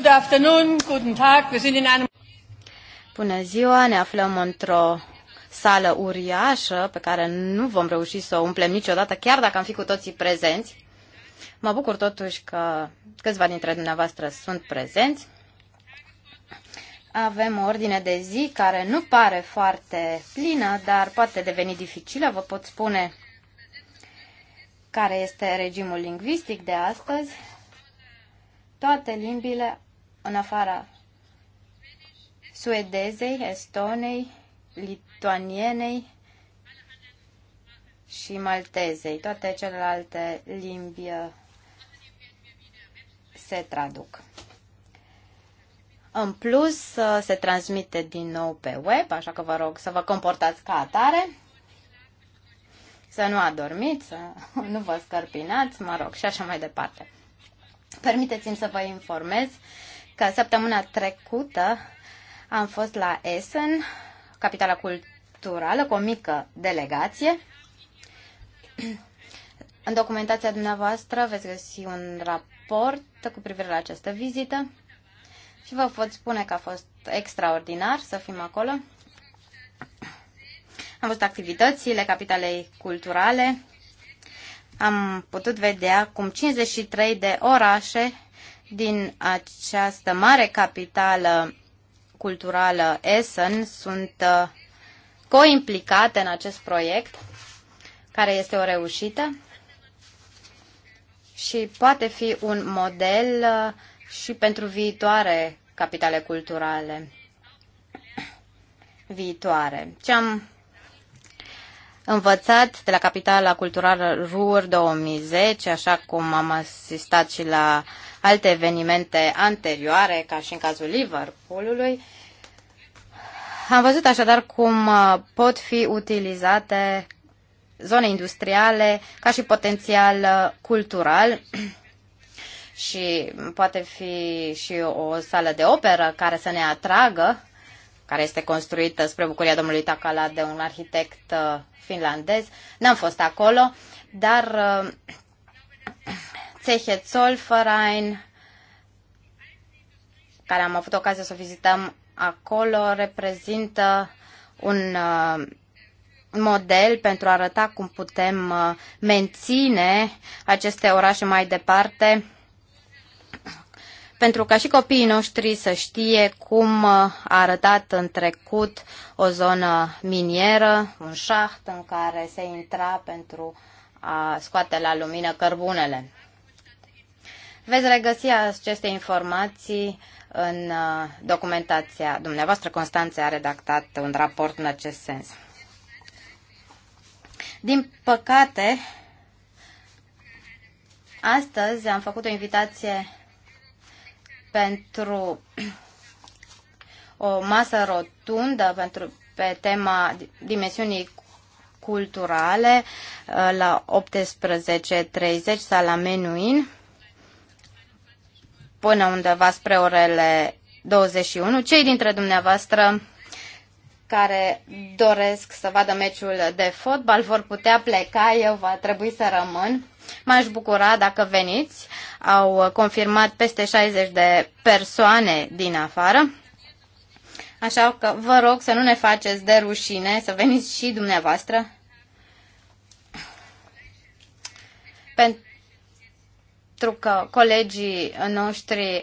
Good afternoon, guten Tag. Wir sind in einem Bună ziua, ne aflăm într-o sală uriașă pe care nu vom reuși să o umplem niciodată, chiar dacă am fi cu toții prezenți. Mă bucur totuși că câțiva dintre dumneavoastră sunt prezenți. Avem o ordine de zi care nu pare foarte plină, dar poate deveni dificilă. Vă pot spune care este regimul lingvistic de astăzi. Toate limbile în afara suedezei, estonei, lituanienei și maltezei. Toate celelalte limbi uh, se traduc. În plus, uh, se transmite din nou pe web, așa că vă rog să vă comportați ca atare, să nu adormiți, să nu vă scărpinați, mă rog, și așa mai departe. Permiteți-mi să vă informez că săptămâna trecută am fost la Essen, capitala culturală, cu o mică delegație. În documentația dumneavoastră veți găsi un raport cu privire la această vizită și vă pot spune că a fost extraordinar să fim acolo. Am văzut activitățile capitalei culturale, am putut vedea cum 53 de orașe din această mare capitală culturală Essen sunt uh, coimplicate în acest proiect, care este o reușită și poate fi un model uh, și pentru viitoare capitale culturale viitoare. Ce am învățat de la Capitala Culturală RUR 2010, așa cum am asistat și la uh, alte evenimente anterioare, ca și în cazul Liverpoolului. Am văzut așadar cum uh, pot fi utilizate zone industriale ca și potențial uh, cultural și poate fi și o sală de operă care să ne atragă, care este construită spre bucuria domnului Takala de un arhitect uh, finlandez. N-am fost acolo, dar Zeche Zollverein, care am avut ocazia să o vizităm acolo, reprezintă un uh, model pentru a arăta cum putem uh, menține aceste orașe mai departe, pentru ca și copiii noștri să știe cum uh, a arătat în trecut o zonă minieră, un șaht în care se intra pentru a scoate la lumină cărbunele. Veți regăsi aceste informații în uh, documentația dumneavoastră. Constanța a redactat un raport în acest sens. Din păcate, astăzi am făcut o invitație pentru o masă rotundă pentru, pe tema dimensiunii culturale uh, la 18.30 sala Menuin până undeva spre orele 21. Cei dintre dumneavoastră care doresc să vadă meciul de fotbal vor putea pleca, eu va trebui să rămân. M-aș bucura dacă veniți. Au confirmat peste 60 de persoane din afară. Așa că vă rog să nu ne faceți de rușine, să veniți și dumneavoastră. Pentru pentru că colegii noștri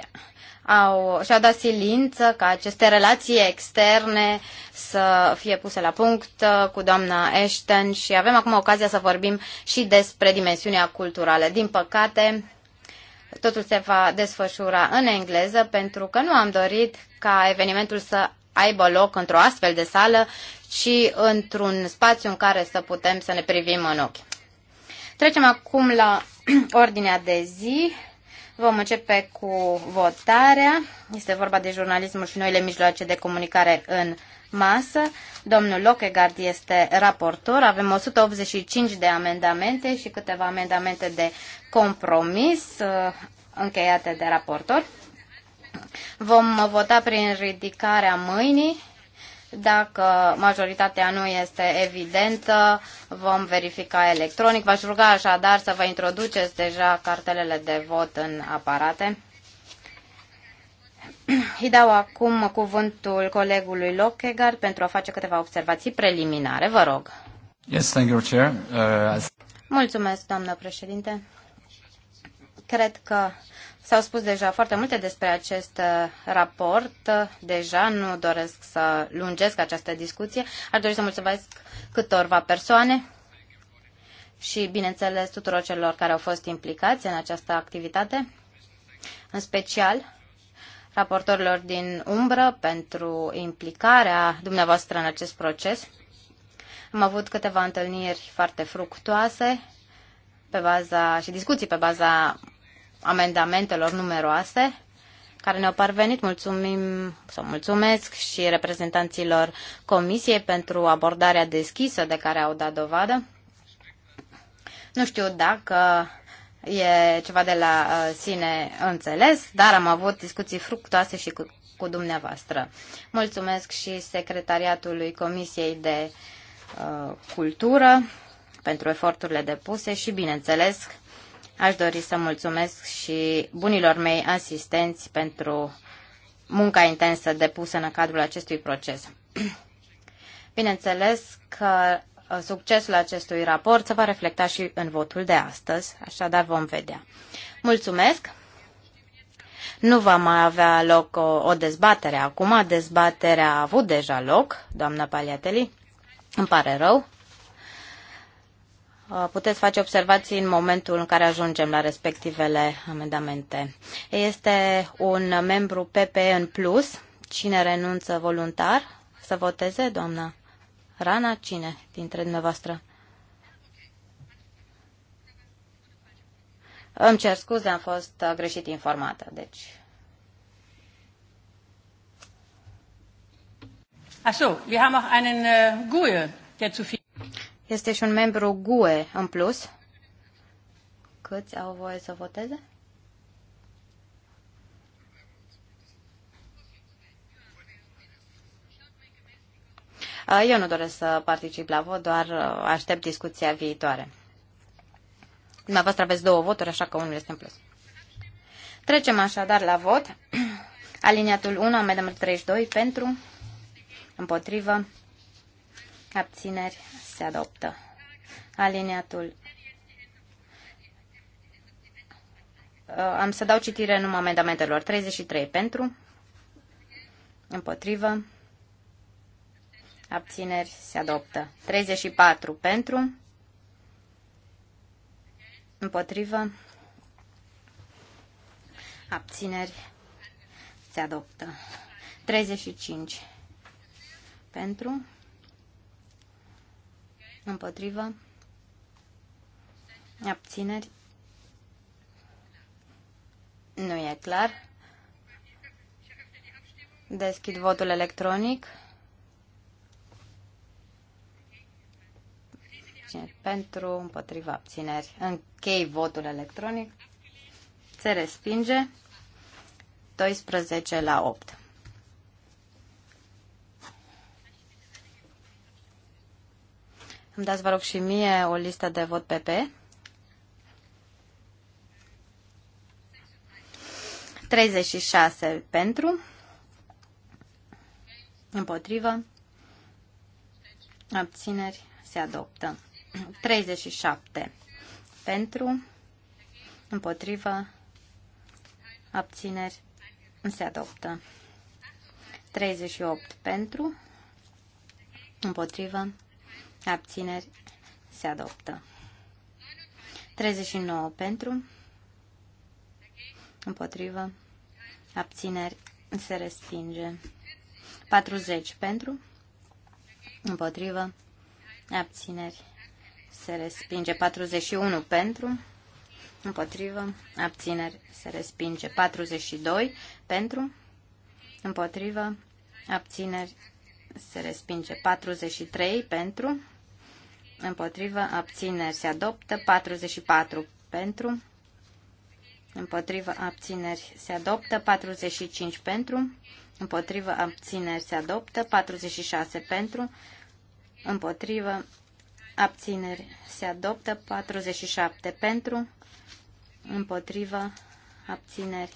au, și-au dat silință ca aceste relații externe să fie puse la punct uh, cu doamna Ashton și avem acum ocazia să vorbim și despre dimensiunea culturală. Din păcate, totul se va desfășura în engleză pentru că nu am dorit ca evenimentul să aibă loc într-o astfel de sală, ci într-un spațiu în care să putem să ne privim în ochi. Trecem acum la ordinea de zi. Vom începe cu votarea. Este vorba de jurnalismul și noile mijloace de comunicare în masă. Domnul Lochegard este raportor. Avem 185 de amendamente și câteva amendamente de compromis uh, încheiate de raportor. Vom vota prin ridicarea mâinii dacă majoritatea nu este evidentă, vom verifica electronic. V-aș ruga așadar să vă introduceți deja cartelele de vot în aparate. Îi dau acum cuvântul colegului Lockegar pentru a face câteva observații preliminare. Vă rog. Yes, thank you, Chair. Uh, Mulțumesc, doamnă președinte. Cred că S-au spus deja foarte multe despre acest uh, raport, deja nu doresc să lungesc această discuție. Aș dori să mulțumesc câtorva persoane și, bineînțeles, tuturor celor care au fost implicați în această activitate, în special raportorilor din umbră pentru implicarea dumneavoastră în acest proces. Am avut câteva întâlniri foarte fructuoase pe baza, și discuții pe baza amendamentelor numeroase care ne-au parvenit. Mulțumim sau mulțumesc și reprezentanților Comisiei pentru abordarea deschisă de care au dat dovadă. Nu știu dacă e ceva de la uh, sine înțeles, dar am avut discuții fructoase și cu, cu dumneavoastră. Mulțumesc și secretariatului Comisiei de uh, Cultură pentru eforturile depuse și, bineînțeles, Aș dori să mulțumesc și bunilor mei asistenți pentru munca intensă depusă în cadrul acestui proces. Bineînțeles că uh, succesul acestui raport se va reflecta și în votul de astăzi, așadar vom vedea. Mulțumesc! Nu va mai avea loc o, o dezbatere acum, dezbaterea a avut deja loc, doamna Paliateli, îmi pare rău. Uh, puteți face observații în momentul în care ajungem la respectivele amendamente. Este un membru PP în plus. Cine renunță voluntar să voteze, doamna? Rana, cine dintre dumneavoastră? Îmi cer scuze, am fost greșit informată, deci... Așa, so, wir haben auch einen äh, der zu viel... Este și un membru GUE în plus. Câți au voie să voteze? Eu nu doresc să particip la vot, doar aștept discuția viitoare. Dumneavoastră aveți două voturi, așa că unul este în plus. Trecem așadar la vot. Aliniatul 1, amendamentul 32, pentru, împotrivă, abțineri, se adoptă. Aliniatul. Uh, am să dau citire numai amendamentelor. 33 pentru, împotrivă, abțineri, se adoptă. 34 pentru, împotrivă, abțineri, se adoptă. 35 pentru, Împotrivă. Abțineri. Nu e clar. Deschid votul electronic. pentru, împotriva abțineri. Închei votul electronic. Se respinge. 12 la 8. Îmi dați, vă rog, și mie o listă de vot PP. 36 pentru, împotrivă, abțineri, se adoptă. 37 pentru, împotrivă, abțineri, se adoptă. 38 pentru, împotrivă, abțineri, se adoptă. 39 pentru, împotrivă, abțineri, se respinge. 40 pentru, împotrivă, abțineri, se respinge. 41 pentru, împotrivă, abțineri, se respinge. 42 pentru, împotrivă, abțineri, se respinge. 43 pentru, împotrivă, abțineri se adoptă. 44 pentru, împotrivă, abțineri se adoptă. 45 pentru, împotrivă, abțineri se adoptă. 46 pentru, împotrivă, abțineri se adoptă. 47 pentru, împotrivă, abțineri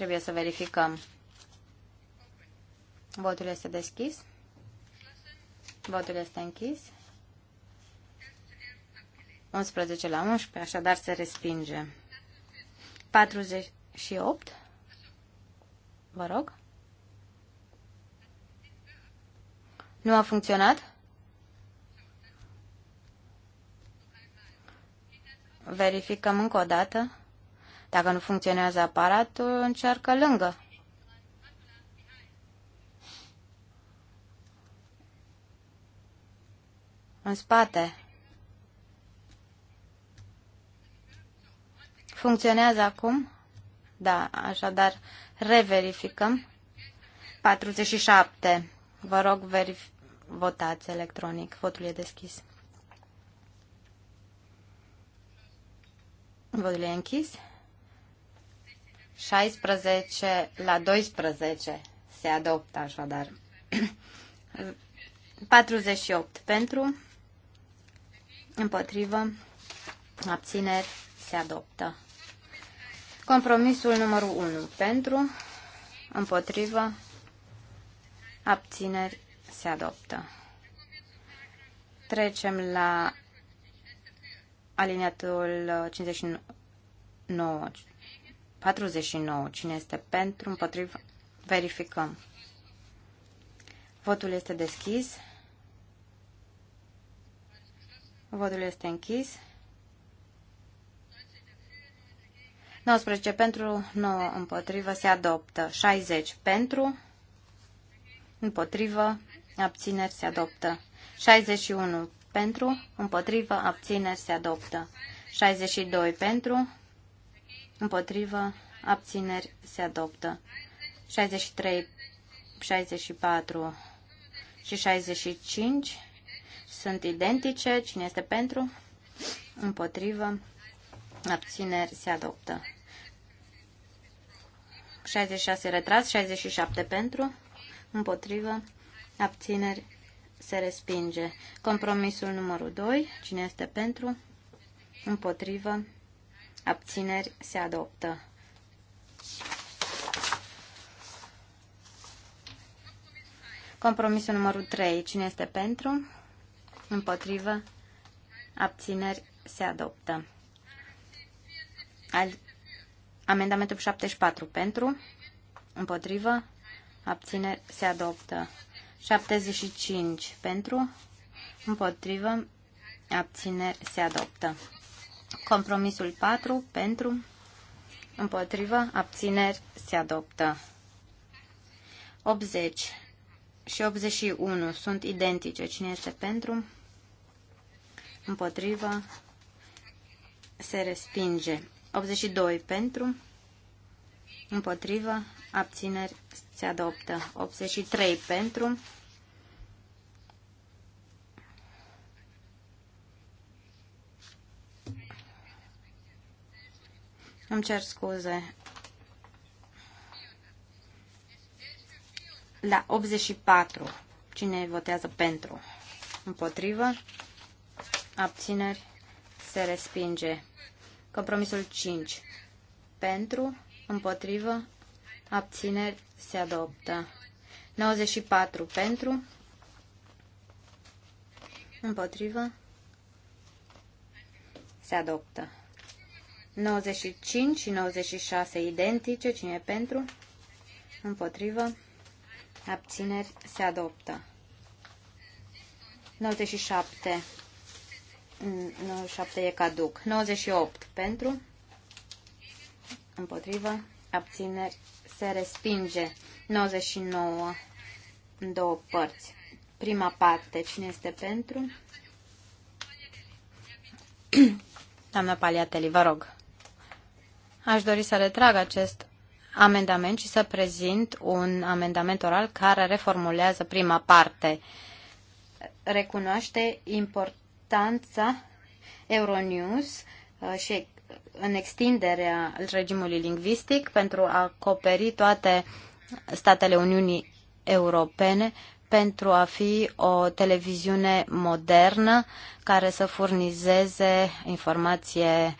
Trebuie să verificăm. Votul este deschis. Votul este închis. 11 la 11, așadar se respinge. 48. Vă rog. Nu a funcționat? Verificăm încă o dată. Dacă nu funcționează aparatul, încearcă lângă. În spate. Funcționează acum? Da, așadar reverificăm. 47. Vă rog, verif- votați electronic. Votul e deschis. Votul e închis. 16 la 12 se adoptă așadar. 48 pentru, împotrivă, abțineri, se adoptă. Compromisul numărul 1 pentru, împotrivă, abțineri, se adoptă. Trecem la aliniatul 59 49. Cine este pentru, împotriva verificăm. Votul este deschis. Votul este închis. 19 pentru, 9 împotrivă, se adoptă. 60 pentru, împotrivă, abțineri, se adoptă. 61 pentru, împotrivă, abțineri, se adoptă. 62 pentru, Împotrivă. Abțineri se adoptă. 63, 64 și 65 sunt identice. Cine este pentru? Împotrivă. Abțineri se adoptă. 66 retras, 67 pentru, împotrivă, abțineri se respinge. Compromisul numărul 2, cine este pentru, împotrivă, abțineri, se adoptă. Compromisul numărul 3. Cine este pentru? Împotrivă? Abțineri? Se adoptă. Al... Amendamentul 74. Pentru? Împotrivă? Abțineri? Se adoptă. 75. Pentru? Împotrivă? Abțineri? Se adoptă. Compromisul 4 pentru, împotrivă, abțineri se adoptă. 80 și 81 sunt identice. Cine este pentru? Împotrivă, se respinge. 82 pentru, împotrivă, abțineri se adoptă. 83 pentru, Îmi cer scuze. La 84. Cine votează pentru? Împotrivă? Abțineri? Se respinge. Compromisul 5. Pentru? Împotrivă? Abțineri? Se adoptă. 94. Pentru? Împotrivă? Se adoptă. 95 și 96 identice. Cine e pentru? Împotrivă. Abțineri se adoptă. 97. 97 e caduc. 98 pentru. Împotrivă. Abțineri se respinge. 99 în două părți. Prima parte. Cine este pentru? Doamna Paliateli, vă rog. Aș dori să retrag acest amendament și să prezint un amendament oral care reformulează prima parte. Recunoaște importanța Euronews uh, și în extinderea regimului lingvistic pentru a acoperi toate statele Uniunii Europene pentru a fi o televiziune modernă care să furnizeze informație uh,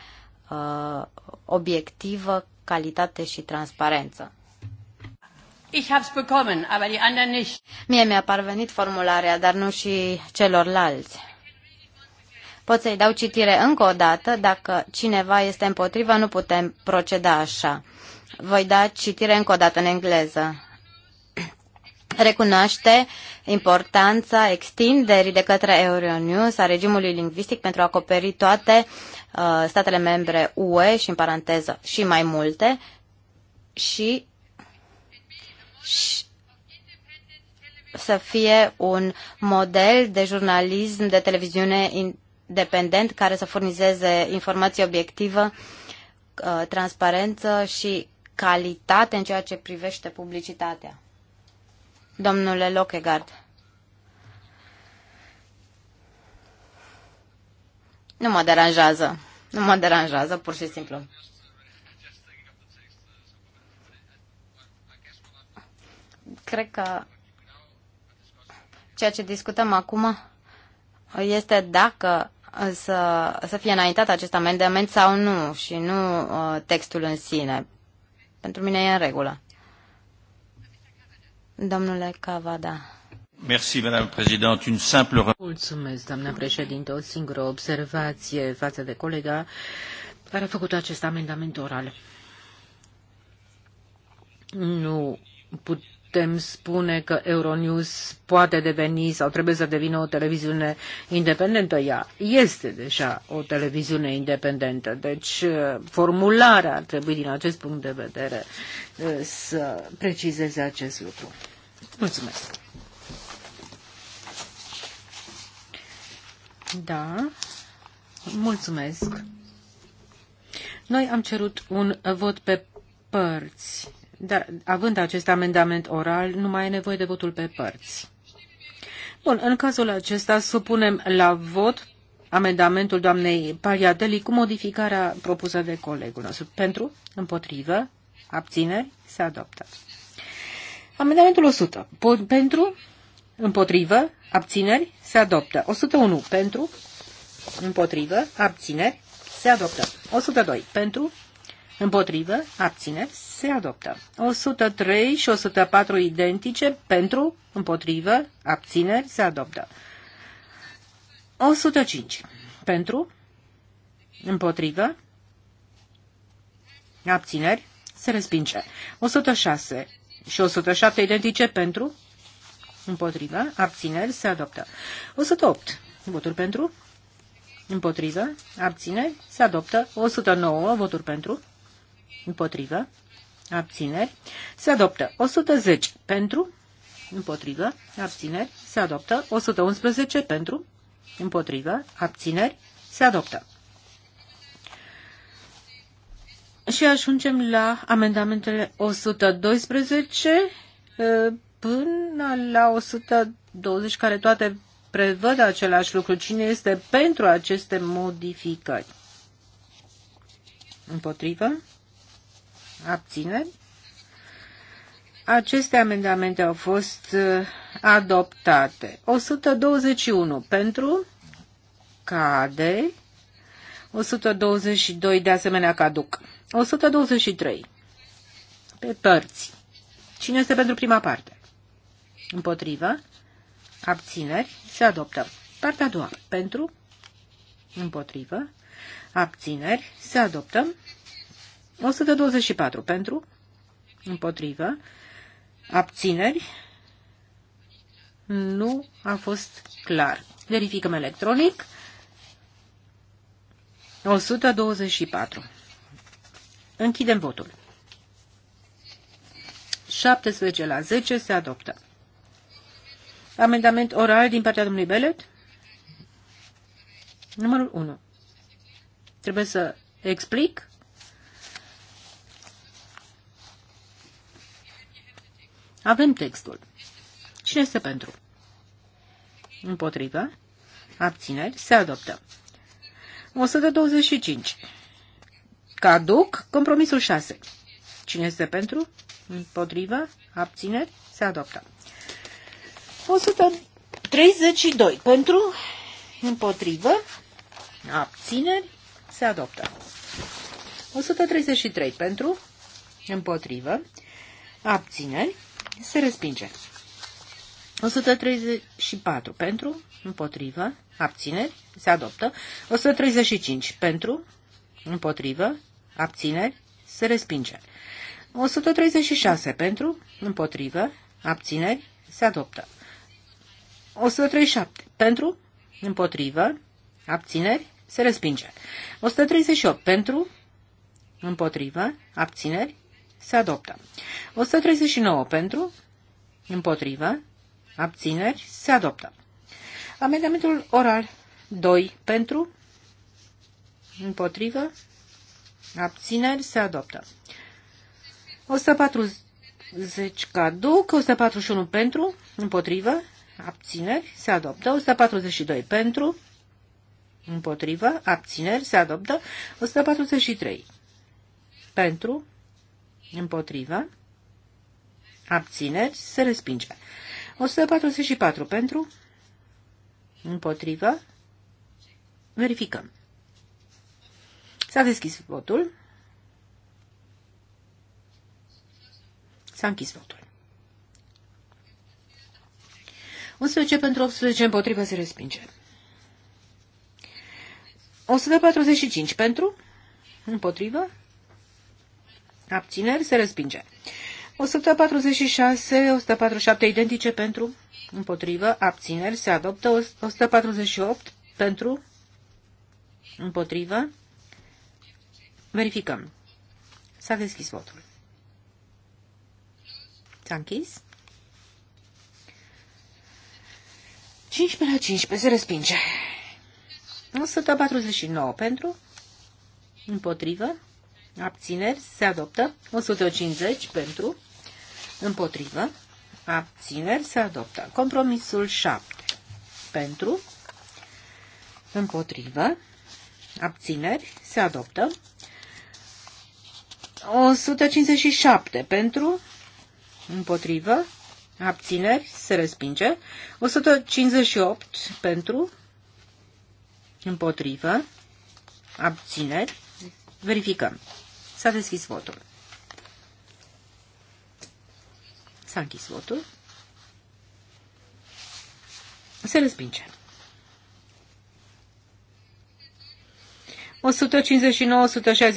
uh, obiectivă, calitate și transparență. Ich hab's bekommen, aber die anderen nicht. Mie mi-a parvenit formularea, dar nu și celorlalți. Pot să-i dau citire încă o dată. Dacă cineva este împotrivă, nu putem proceda așa. Voi da citire încă o dată în engleză recunoaște importanța extinderii de către Euronews a regimului lingvistic pentru a acoperi toate Uh, statele membre UE și în paranteză și mai multe și, și să fie un model de jurnalism de televiziune independent care să furnizeze informații obiectivă, uh, transparență și calitate în ceea ce privește publicitatea. Domnule Lockegaard. Nu mă deranjează. Nu mă deranjează, pur și simplu. Cred că ceea ce discutăm acum este dacă să, să fie înaintat acest amendament sau nu și nu uh, textul în sine. Pentru mine e în regulă. Domnule Cavada. Mulțumesc, doamnă președinte. O singură observație față de colega care a făcut acest amendament oral. Nu putem spune că Euronews poate deveni sau trebuie să devină o televiziune independentă. Ea este deja o televiziune independentă, deci uh, formularea ar trebui din acest punct de vedere uh, să precizeze acest lucru. Mulțumesc! Da. Mulțumesc. Noi am cerut un vot pe părți, dar având acest amendament oral, nu mai e nevoie de votul pe părți. Bun, în cazul acesta supunem la vot amendamentul doamnei Pariadeli cu modificarea propusă de colegul nostru. Pentru, împotrivă, abțineri, se adoptă. Amendamentul 100. Pentru, Împotrivă, abțineri, se adoptă. 101 pentru, împotrivă, abțineri, se adoptă. 102 pentru, împotrivă, abțineri, se adoptă. 103 și 104 identice, pentru, împotrivă, abțineri, se adoptă. 105 pentru, împotrivă, abțineri, se respinge. 106 și 107 identice pentru, Împotrivă. Abțineri. Se adoptă. 108. Voturi pentru. Împotrivă. Abțineri. Se adoptă. 109. Voturi pentru. Împotrivă. Abțineri. Se adoptă. 110. Pentru. Împotrivă. Abțineri. Se adoptă. 111. Pentru. Împotrivă. Abțineri. Se adoptă. Și ajungem la amendamentele 112 până la 120, care toate prevăd același lucru. Cine este pentru aceste modificări? Împotrivă? Abține? Aceste amendamente au fost uh, adoptate. 121 pentru cade, 122 de asemenea caduc. 123 pe părți. Cine este pentru prima parte? Împotrivă. Abțineri. Se adoptă. Partea a doua. Pentru. Împotrivă. Abțineri. Se adoptă. 124. Pentru. Împotrivă. Abțineri. Nu a fost clar. Verificăm electronic. 124. Închidem votul. 17 la 10 se adoptă. Amendament oral din partea domnului Belet. Numărul 1. Trebuie să explic. Avem textul. Cine este pentru? Împotrivă. Abțineri. Se adoptă. 125. Caduc. Compromisul 6. Cine este pentru? Împotrivă. Abțineri. Se adoptă. 132 pentru, împotrivă, abțineri, se adoptă. 133 pentru, împotrivă, abțineri, se respinge. 134 pentru, împotrivă, abțineri, se adoptă. 135 pentru, împotrivă, abțineri, se respinge. 136 pentru, împotrivă, abțineri, se adoptă. 137. Pentru, împotrivă, abțineri, se respinge. 138. Pentru, împotrivă, abțineri, se adoptă. 139. Pentru, împotrivă, abțineri, se adoptă. Amendamentul oral 2. Pentru, împotrivă, abțineri, se adoptă. 140 caduc, 141 pentru, împotrivă, abțineri, se adoptă. 142 pentru, împotrivă, abțineri, se adoptă. 143 pentru, împotrivă, abțineri, se respinge. 144 pentru, împotrivă, verificăm. S-a deschis votul. S-a închis votul. 11 pentru 18 împotrivă se respinge. 145 pentru, împotrivă, abțineri, se respinge. 146, 147 identice pentru, împotrivă, abțineri, se adoptă. 148 pentru, împotrivă, verificăm. S-a deschis votul. S-a închis. 15 la 15 se respinge. 149 pentru, împotrivă, abțineri, se adoptă. 150 pentru, împotrivă, abțineri, se adoptă. Compromisul 7 pentru, împotrivă, abțineri, se adoptă. 157 pentru, împotrivă, abțineri, se respinge. 158 pentru, împotrivă, abțineri, verificăm. S-a deschis votul. S-a închis votul. Se respinge.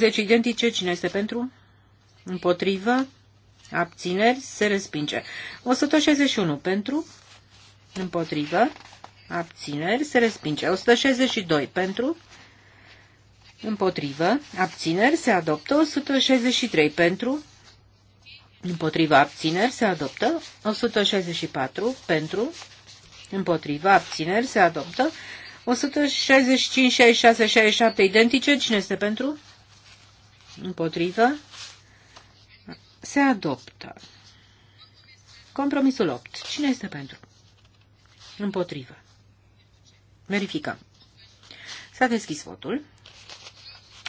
159-160 identice. Cine este pentru? Împotrivă. Abțineri se respinge. 161 pentru, împotrivă, abțineri se respinge. 162 pentru, împotrivă, abțineri se adoptă. 163 pentru, împotrivă, abțineri se adoptă. 164 pentru, împotrivă, abțineri se adoptă. 165, 66, 67 identice. Cine este pentru? Împotrivă, se adoptă. Compromisul 8. Cine este pentru? Împotrivă. Verificăm. S-a deschis votul.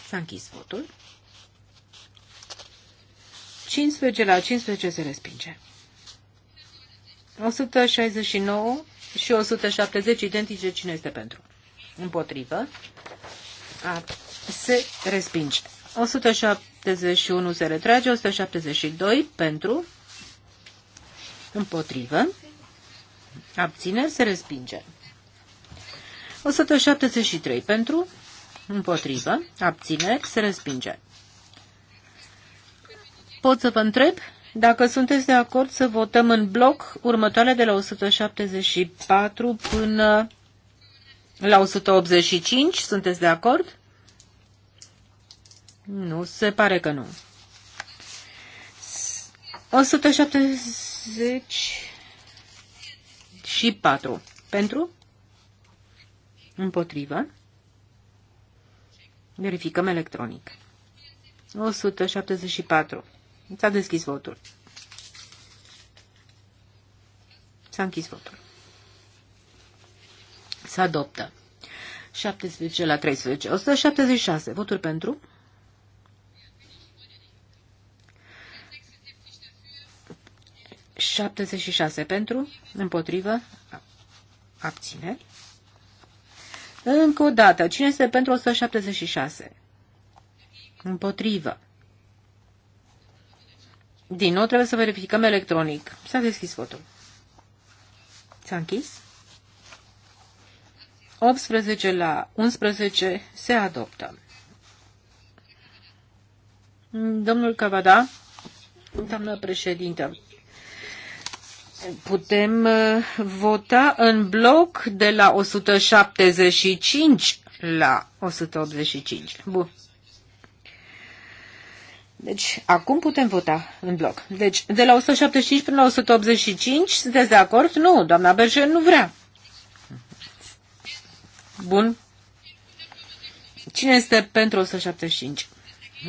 S-a închis votul. 15 la 15 se respinge. 169 și 170 identice cine este pentru. Împotrivă. A, se respinge. 171 se retrage, 172 pentru, împotrivă, abțineri se respinge. 173 pentru, împotrivă, abțineri se respinge. Pot să vă întreb dacă sunteți de acord să votăm în bloc următoarele de la 174 până la 185, sunteți de acord? Nu, se pare că nu. 170 și 4. Pentru? Împotrivă. Verificăm electronic. 174. S-a deschis votul. S-a închis votul. s adoptă. 17 la 13. 176. Voturi pentru? 76 pentru, împotrivă, abțineri. Încă o dată, cine este pentru 176? Împotrivă. Din nou trebuie să verificăm electronic. S-a deschis votul. S-a închis. 18 la 11 se adoptă. Domnul Cavada, doamnă președintă, putem uh, vota în bloc de la 175 la 185. Bun. Deci, acum putem vota în bloc. Deci, de la 175 până la 185, sunteți de acord? Nu, doamna Berger nu vrea. Bun. Cine este pentru 175?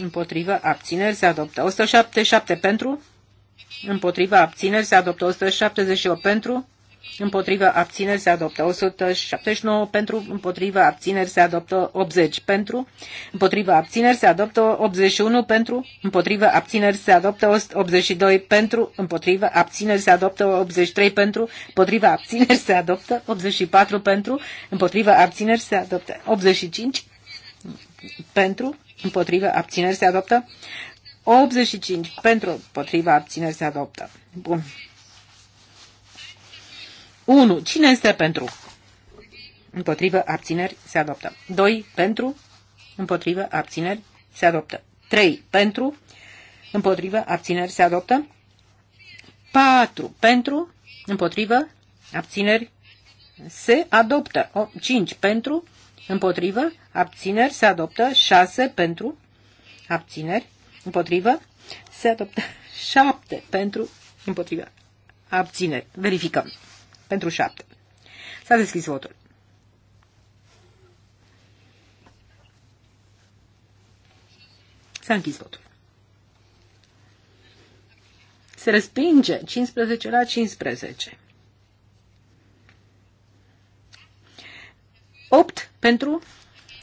Împotrivă, abțineri, se adoptă. 177 pentru, împotriva abțineri se adoptă 178 pentru, împotriva abțineri se adoptă 179 pentru, împotriva abțineri se adoptă 80 pentru, împotriva abțineri se adoptă 81 pentru, împotriva abțineri se adoptă 82 pentru, împotriva abțineri se adoptă 83 pentru, împotriva abțineri se adoptă 84 pentru, împotriva abțineri se adoptă 85 pentru, împotriva abțineri se adoptă 85 pentru, potriva, abțineri se adoptă. Bun. 1. Cine este pentru? Împotrivă, abțineri, se adoptă. 2. Pentru, împotrivă, abțineri, se adoptă. 3. Pentru, împotrivă, abțineri, se adoptă. 4. Pentru, împotrivă, abțineri, se adoptă. 5. Pentru, împotrivă, abțineri, se adoptă. 6. Pentru, abțineri, împotrivă, se adoptă 7 pentru, împotrivă, abțineri. Verificăm. Pentru 7. S-a deschis votul. S-a închis votul. Se respinge 15 la 15. 8 pentru,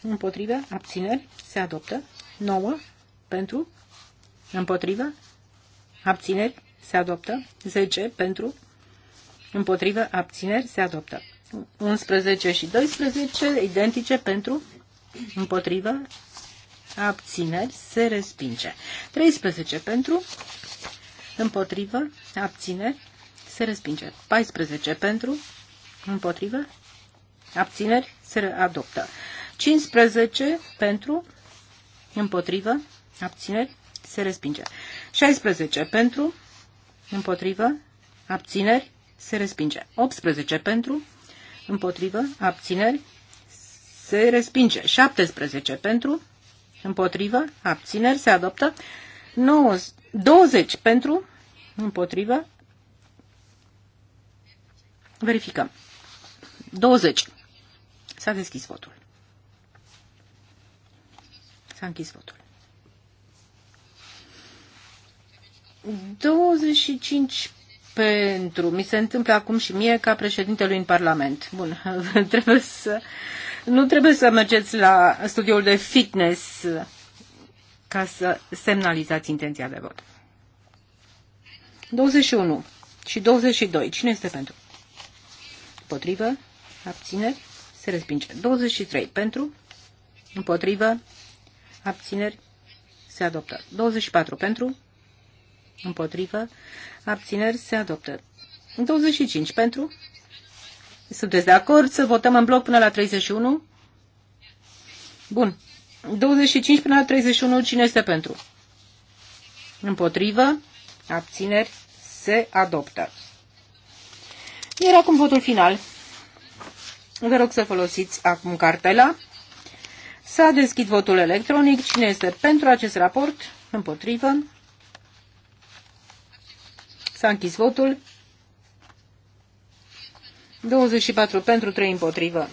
împotrivă, abțineri, se adoptă. 9 pentru, Împotrivă? Abțineri? Se adoptă. 10 pentru. Împotrivă? Abțineri? Se adoptă. 11 și 12 identice pentru. Împotrivă? Abțineri? Se respinge. 13 pentru. Împotrivă? Abțineri? Se respinge. 14 pentru. Împotrivă? Abțineri? Se adoptă. 15 pentru. Împotrivă? Abțineri? se respinge. 16 pentru, împotrivă, abțineri, se respinge. 18 pentru, împotrivă, abțineri, se respinge. 17 pentru, împotrivă, abțineri, se adoptă. 9, 20 pentru, împotrivă, verificăm. 20. S-a deschis votul. S-a închis votul. 25 pentru. Mi se întâmplă acum și mie ca președintelui în Parlament. Bun, trebuie să... Nu trebuie să mergeți la studioul de fitness ca să semnalizați intenția de vot. 21 și 22. Cine este pentru? Împotrivă? Abțineri? Se respinge. 23 pentru? Împotrivă? Abțineri? Se adoptă. 24 pentru? Împotrivă. Abțineri se adoptă. 25 pentru. Sunteți de acord să votăm în bloc până la 31? Bun. 25 până la 31. Cine este pentru? Împotrivă. Abțineri se adoptă. Iar acum votul final. Vă rog să folosiți acum cartela. S-a deschis votul electronic. Cine este pentru acest raport? Împotrivă. S-a închis votul. 24 pentru, 3 împotrivă.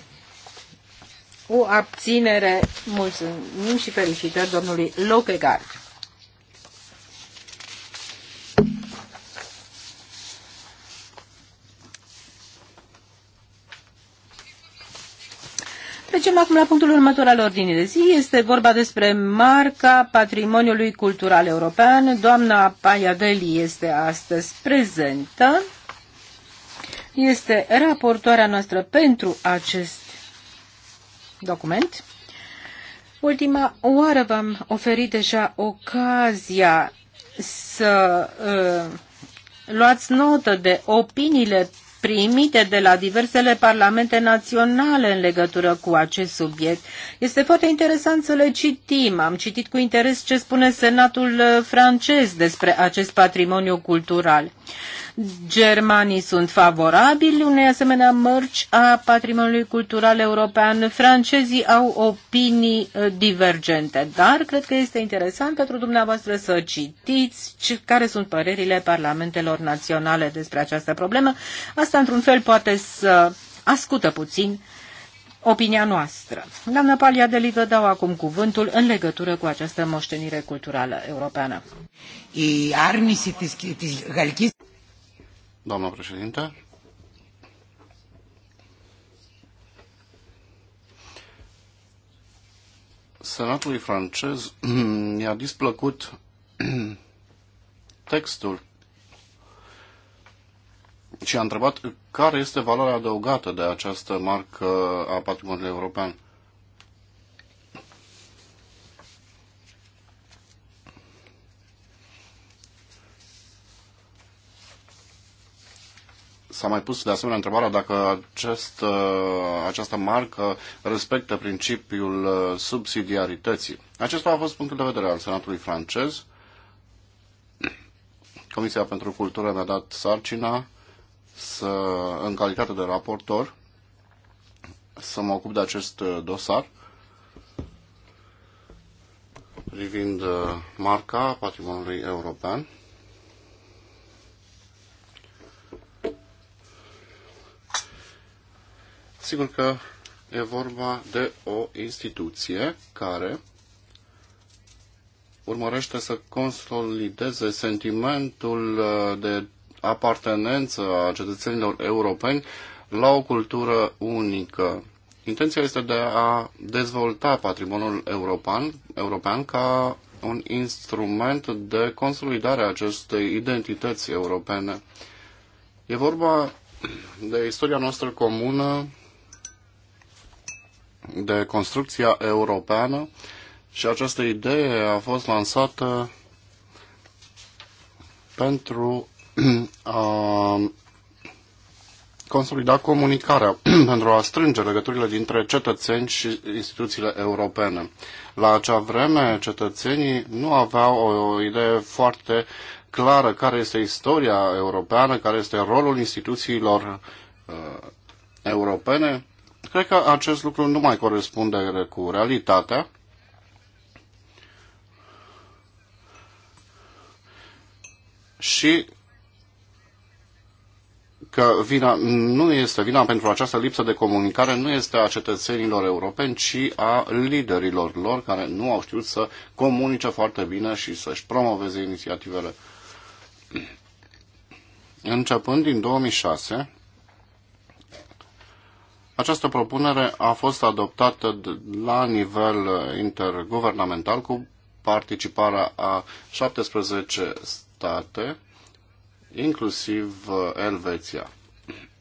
O abținere. Mulțumim și felicitări domnului Lopegard. acum la punctul următor al ordinii de zi. Este vorba despre marca patrimoniului cultural european. Doamna Paiadeli este astăzi prezentă. Este raportoarea noastră pentru acest document. Ultima oară v-am oferit deja ocazia să uh, luați notă de opiniile primite de la diversele parlamente naționale în legătură cu acest subiect. Este foarte interesant să le citim. Am citit cu interes ce spune Senatul uh, francez despre acest patrimoniu cultural. Germanii sunt favorabili unei asemenea mărci a patrimoniului cultural european, francezii au opinii uh, divergente, dar cred că este interesant pentru dumneavoastră să citiți care sunt părerile parlamentelor naționale despre această problemă. Asta, într-un fel, poate să ascută puțin opinia noastră. Doamna de vă dau acum cuvântul în legătură cu această moștenire culturală europeană. Doamna președinte. Senatului francez i-a displăcut textul și a întrebat care este valoarea adăugată de această marcă a patrimoniului european. S-a mai pus de asemenea întrebarea dacă acest, uh, această marcă respectă principiul uh, subsidiarității. Acesta a fost punctul de vedere al Senatului francez. Comisia pentru Cultură mi-a dat sarcina să, în calitate de raportor să mă ocup de acest uh, dosar privind marca patrimoniului european. Sigur că e vorba de o instituție care urmărește să consolideze sentimentul uh, de apartenență a cetățenilor europeni la o cultură unică. Intenția este de a dezvolta patrimoniul european, european ca un instrument de consolidare a acestei identități europene. E vorba de istoria noastră comună, de construcția europeană și această idee a fost lansată pentru a consolida comunicarea, pentru a strânge legăturile dintre cetățeni și instituțiile europene. La acea vreme, cetățenii nu aveau o idee foarte clară care este istoria europeană, care este rolul instituțiilor uh, europene Cred că acest lucru nu mai corespunde cu realitatea. Și că vina nu este vina pentru această lipsă de comunicare, nu este a cetățenilor europeni, ci a liderilor lor care nu au știut să comunice foarte bine și să-și promoveze inițiativele. Începând din 2006, această propunere a fost adoptată la nivel interguvernamental cu participarea a 17 state, inclusiv uh, Elveția.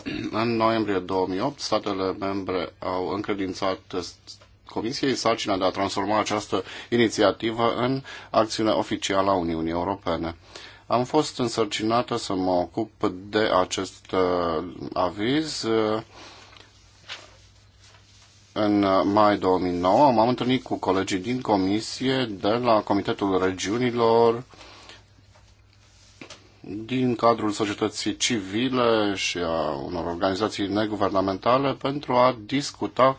În noiembrie 2008, statele membre au încredințat Comisiei sarcina de a transforma această inițiativă în acțiune oficială a Uniunii Europene. Am fost însărcinată să mă ocup de acest uh, aviz uh, în mai 2009 m-am întâlnit cu colegii din comisie de la Comitetul Regiunilor din cadrul societății civile și a unor organizații neguvernamentale pentru a discuta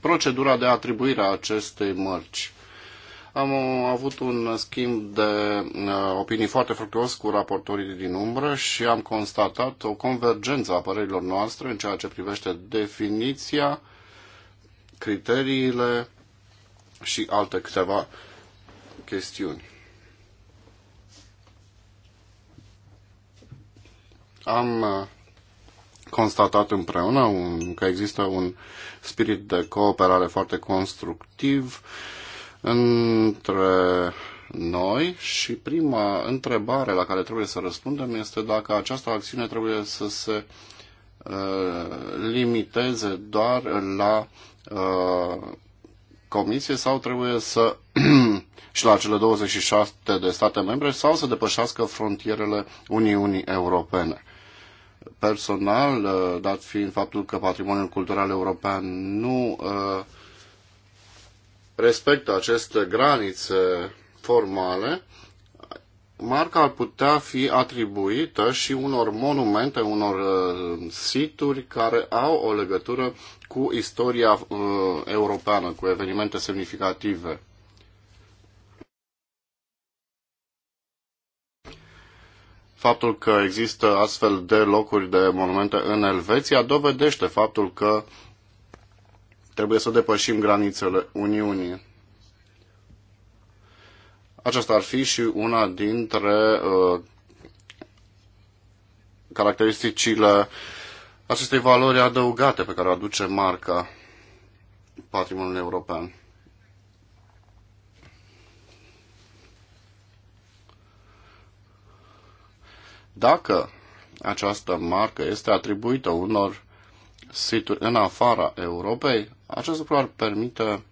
procedura de atribuire a acestei mărci. Am avut un schimb de uh, opinii foarte fructuos cu raportorii din umbră și am constatat o convergență a părerilor noastre în ceea ce privește definiția criteriile și alte câteva chestiuni. Am uh, constatat împreună un că există un spirit de cooperare foarte constructiv între noi și prima întrebare la care trebuie să răspundem este dacă această acțiune trebuie să se uh, limiteze doar la Uh, comisie sau trebuie să și la cele 26 de state membre sau să depășească frontierele Uniunii Europene. Personal, uh, dat fiind faptul că patrimoniul cultural european nu uh, respectă aceste granițe formale, marca ar putea fi atribuită și unor monumente, unor situri care au o legătură cu istoria uh, europeană, cu evenimente semnificative. Faptul că există astfel de locuri de monumente în Elveția dovedește faptul că trebuie să depășim granițele Uniunii. Aceasta ar fi și una dintre uh, caracteristicile acestei valori adăugate pe care o aduce marca patrimoniului european. Dacă această marcă este atribuită unor situri în afara Europei, acest lucru ar permite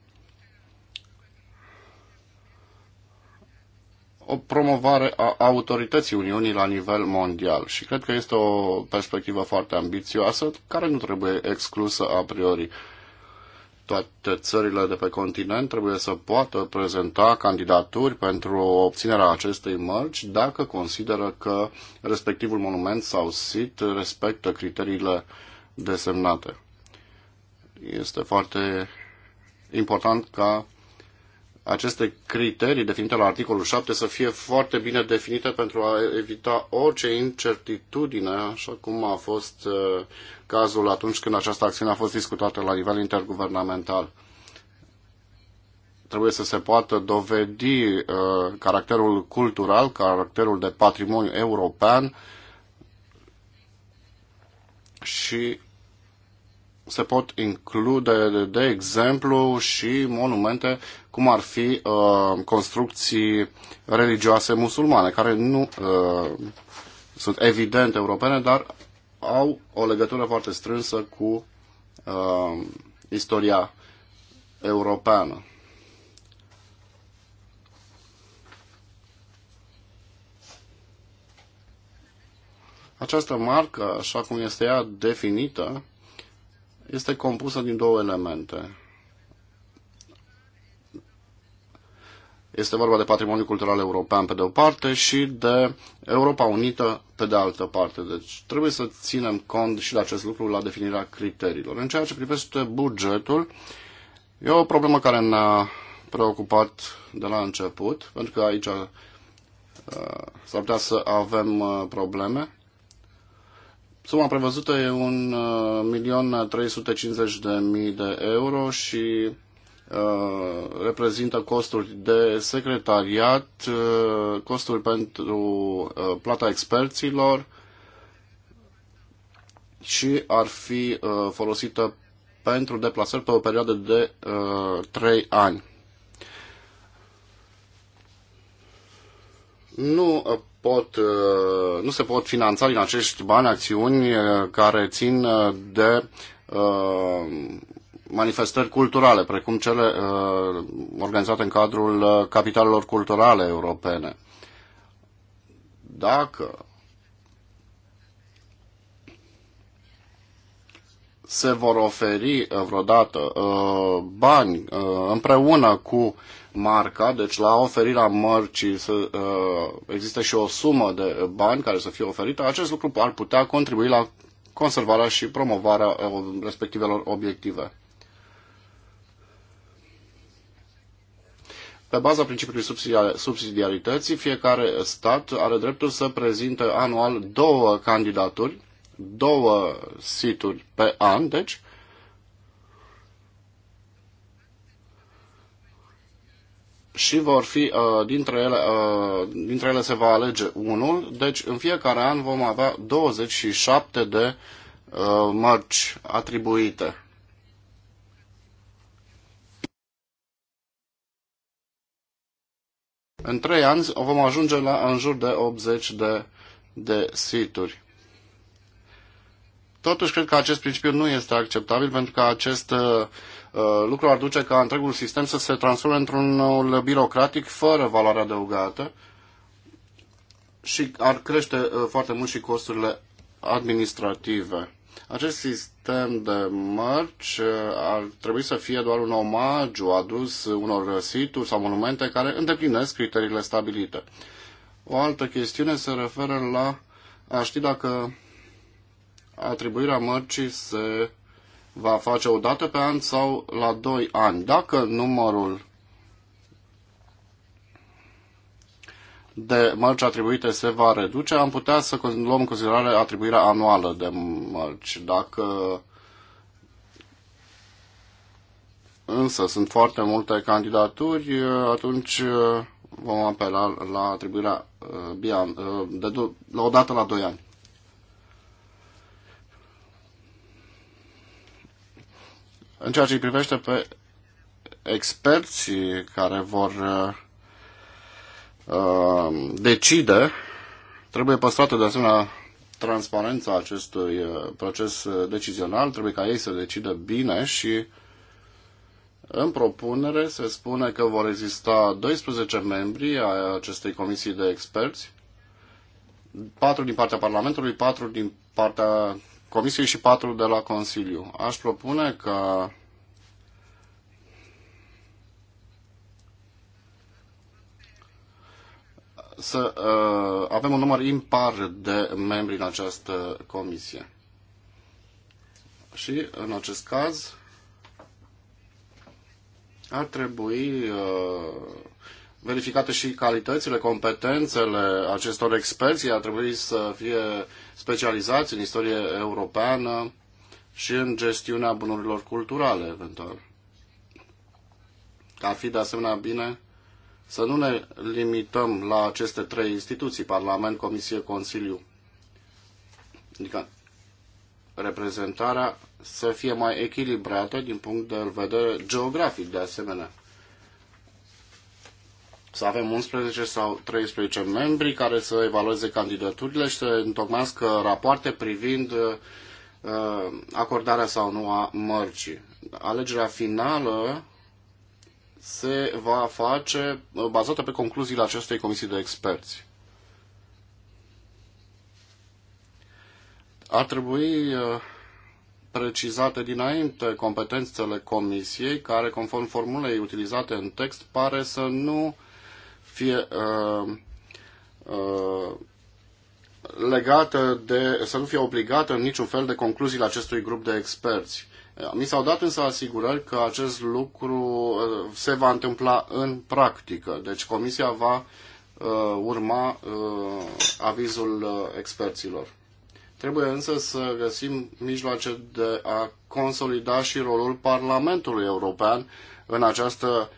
o promovare a autorității Uniunii la nivel mondial și cred că este o perspectivă foarte ambițioasă care nu trebuie exclusă a priori. Toate țările de pe continent trebuie să poată prezenta candidaturi pentru obținerea acestei mărci dacă consideră că respectivul monument sau sit respectă criteriile desemnate. Este foarte important ca aceste criterii definite la articolul 7 să fie foarte bine definite pentru a evita orice incertitudine, așa cum a fost uh, cazul atunci când această acțiune a fost discutată la nivel interguvernamental. Trebuie să se poată dovedi uh, caracterul cultural, caracterul de patrimoniu european și se pot include, de exemplu, și monumente cum ar fi uh, construcții religioase musulmane, care nu uh, sunt evident europene, dar au o legătură foarte strânsă cu uh, istoria europeană. Această marcă, așa cum este ea definită, este compusă din două elemente. Este vorba de patrimoniul cultural european pe de o parte și de Europa Unită pe de altă parte. Deci trebuie să ținem cont și de acest lucru la definirea criteriilor. În ceea ce privește bugetul, e o problemă care ne-a preocupat de la început, pentru că aici uh, s-ar putea să avem uh, probleme. Suma prevăzută e 1.350.000 uh, de euro și uh, reprezintă costuri de secretariat, uh, costuri pentru uh, plata experților și ar fi uh, folosită pentru deplasări pe o perioadă de uh, 3 ani. Nu uh, pot, uh, nu se pot finanța din acești bani acțiuni uh, care țin uh, de manifestări culturale, precum cele organizate în cadrul capitalelor culturale europene. Dacă se vor oferi uh, vreodată uh, bani uh, împreună cu marca, deci la oferirea mărcii să există și o sumă de bani care să fie oferită, acest lucru ar putea contribui la conservarea și promovarea respectivelor obiective. Pe baza principiului subsidiarității, fiecare stat are dreptul să prezinte anual două candidaturi două situri pe an, deci și vor fi uh, dintre ele, uh, dintre ele se va alege unul, deci în fiecare an vom avea 27 de uh, mărci atribuite. În trei ani vom ajunge la în jur de 80 de, de situri. Totuși, cred că acest principiu nu este acceptabil pentru că acest uh, uh lucru ar duce ca întregul sistem să se transforme într-un birocratic fără valoare adăugată și ar crește uh, foarte mult și costurile administrative. Acest sistem de mărci uh, ar trebui să fie doar un omagiu adus unor situri sau monumente care îndeplinesc criteriile stabilite. O altă chestiune se referă la a ști dacă atribuirea mărcii se va face o dată pe an sau la 2 ani. Dacă numărul de mărci atribuite se va reduce, am putea să luăm în considerare atribuirea anuală de mărci. Dacă însă sunt foarte multe candidaturi, atunci vom apela la atribuirea uh, uh, de, la o dată la 2 ani. În ceea ce îi privește pe experții care vor uh, decide, trebuie păstrată de asemenea transparența acestui uh, proces decizional, trebuie ca ei să decidă bine și în propunere se spune că vor exista 12 membri ai acestei comisii de experți, 4 din partea Parlamentului, 4 din partea Comisiei și patru de la Consiliu. Aș propune ca să uh, avem un număr impar de membri în această comisie. Și, în acest caz, ar trebui uh, verificate și calitățile, competențele acestor experți. Ei ar trebui să fie specializați în istorie europeană și în gestiunea bunurilor culturale, eventual. Ar fi de asemenea bine să nu ne limităm la aceste trei instituții, Parlament, Comisie, Consiliu. Adică reprezentarea să fie mai echilibrată din punct de vedere geografic, de asemenea să avem 11 sau 13 membri care să evalueze candidaturile și să întocmească rapoarte privind uh, uh acordarea sau nu a mărcii. Alegerea finală se va face uh, bazată pe concluziile acestei comisii de experți. Ar trebui uh, precizate dinainte competențele comisiei, care, conform formulei utilizate în text, pare să nu uh, fie uh, uh, legată de, să nu fie obligată în niciun fel de concluziile acestui grup de experți. Uh, mi s-au dat însă asigurări că acest lucru uh, se va întâmpla în practică. Deci comisia va uh, urma uh, avizul uh, experților. Trebuie însă să găsim mijloace de a consolida și rolul Parlamentului European în această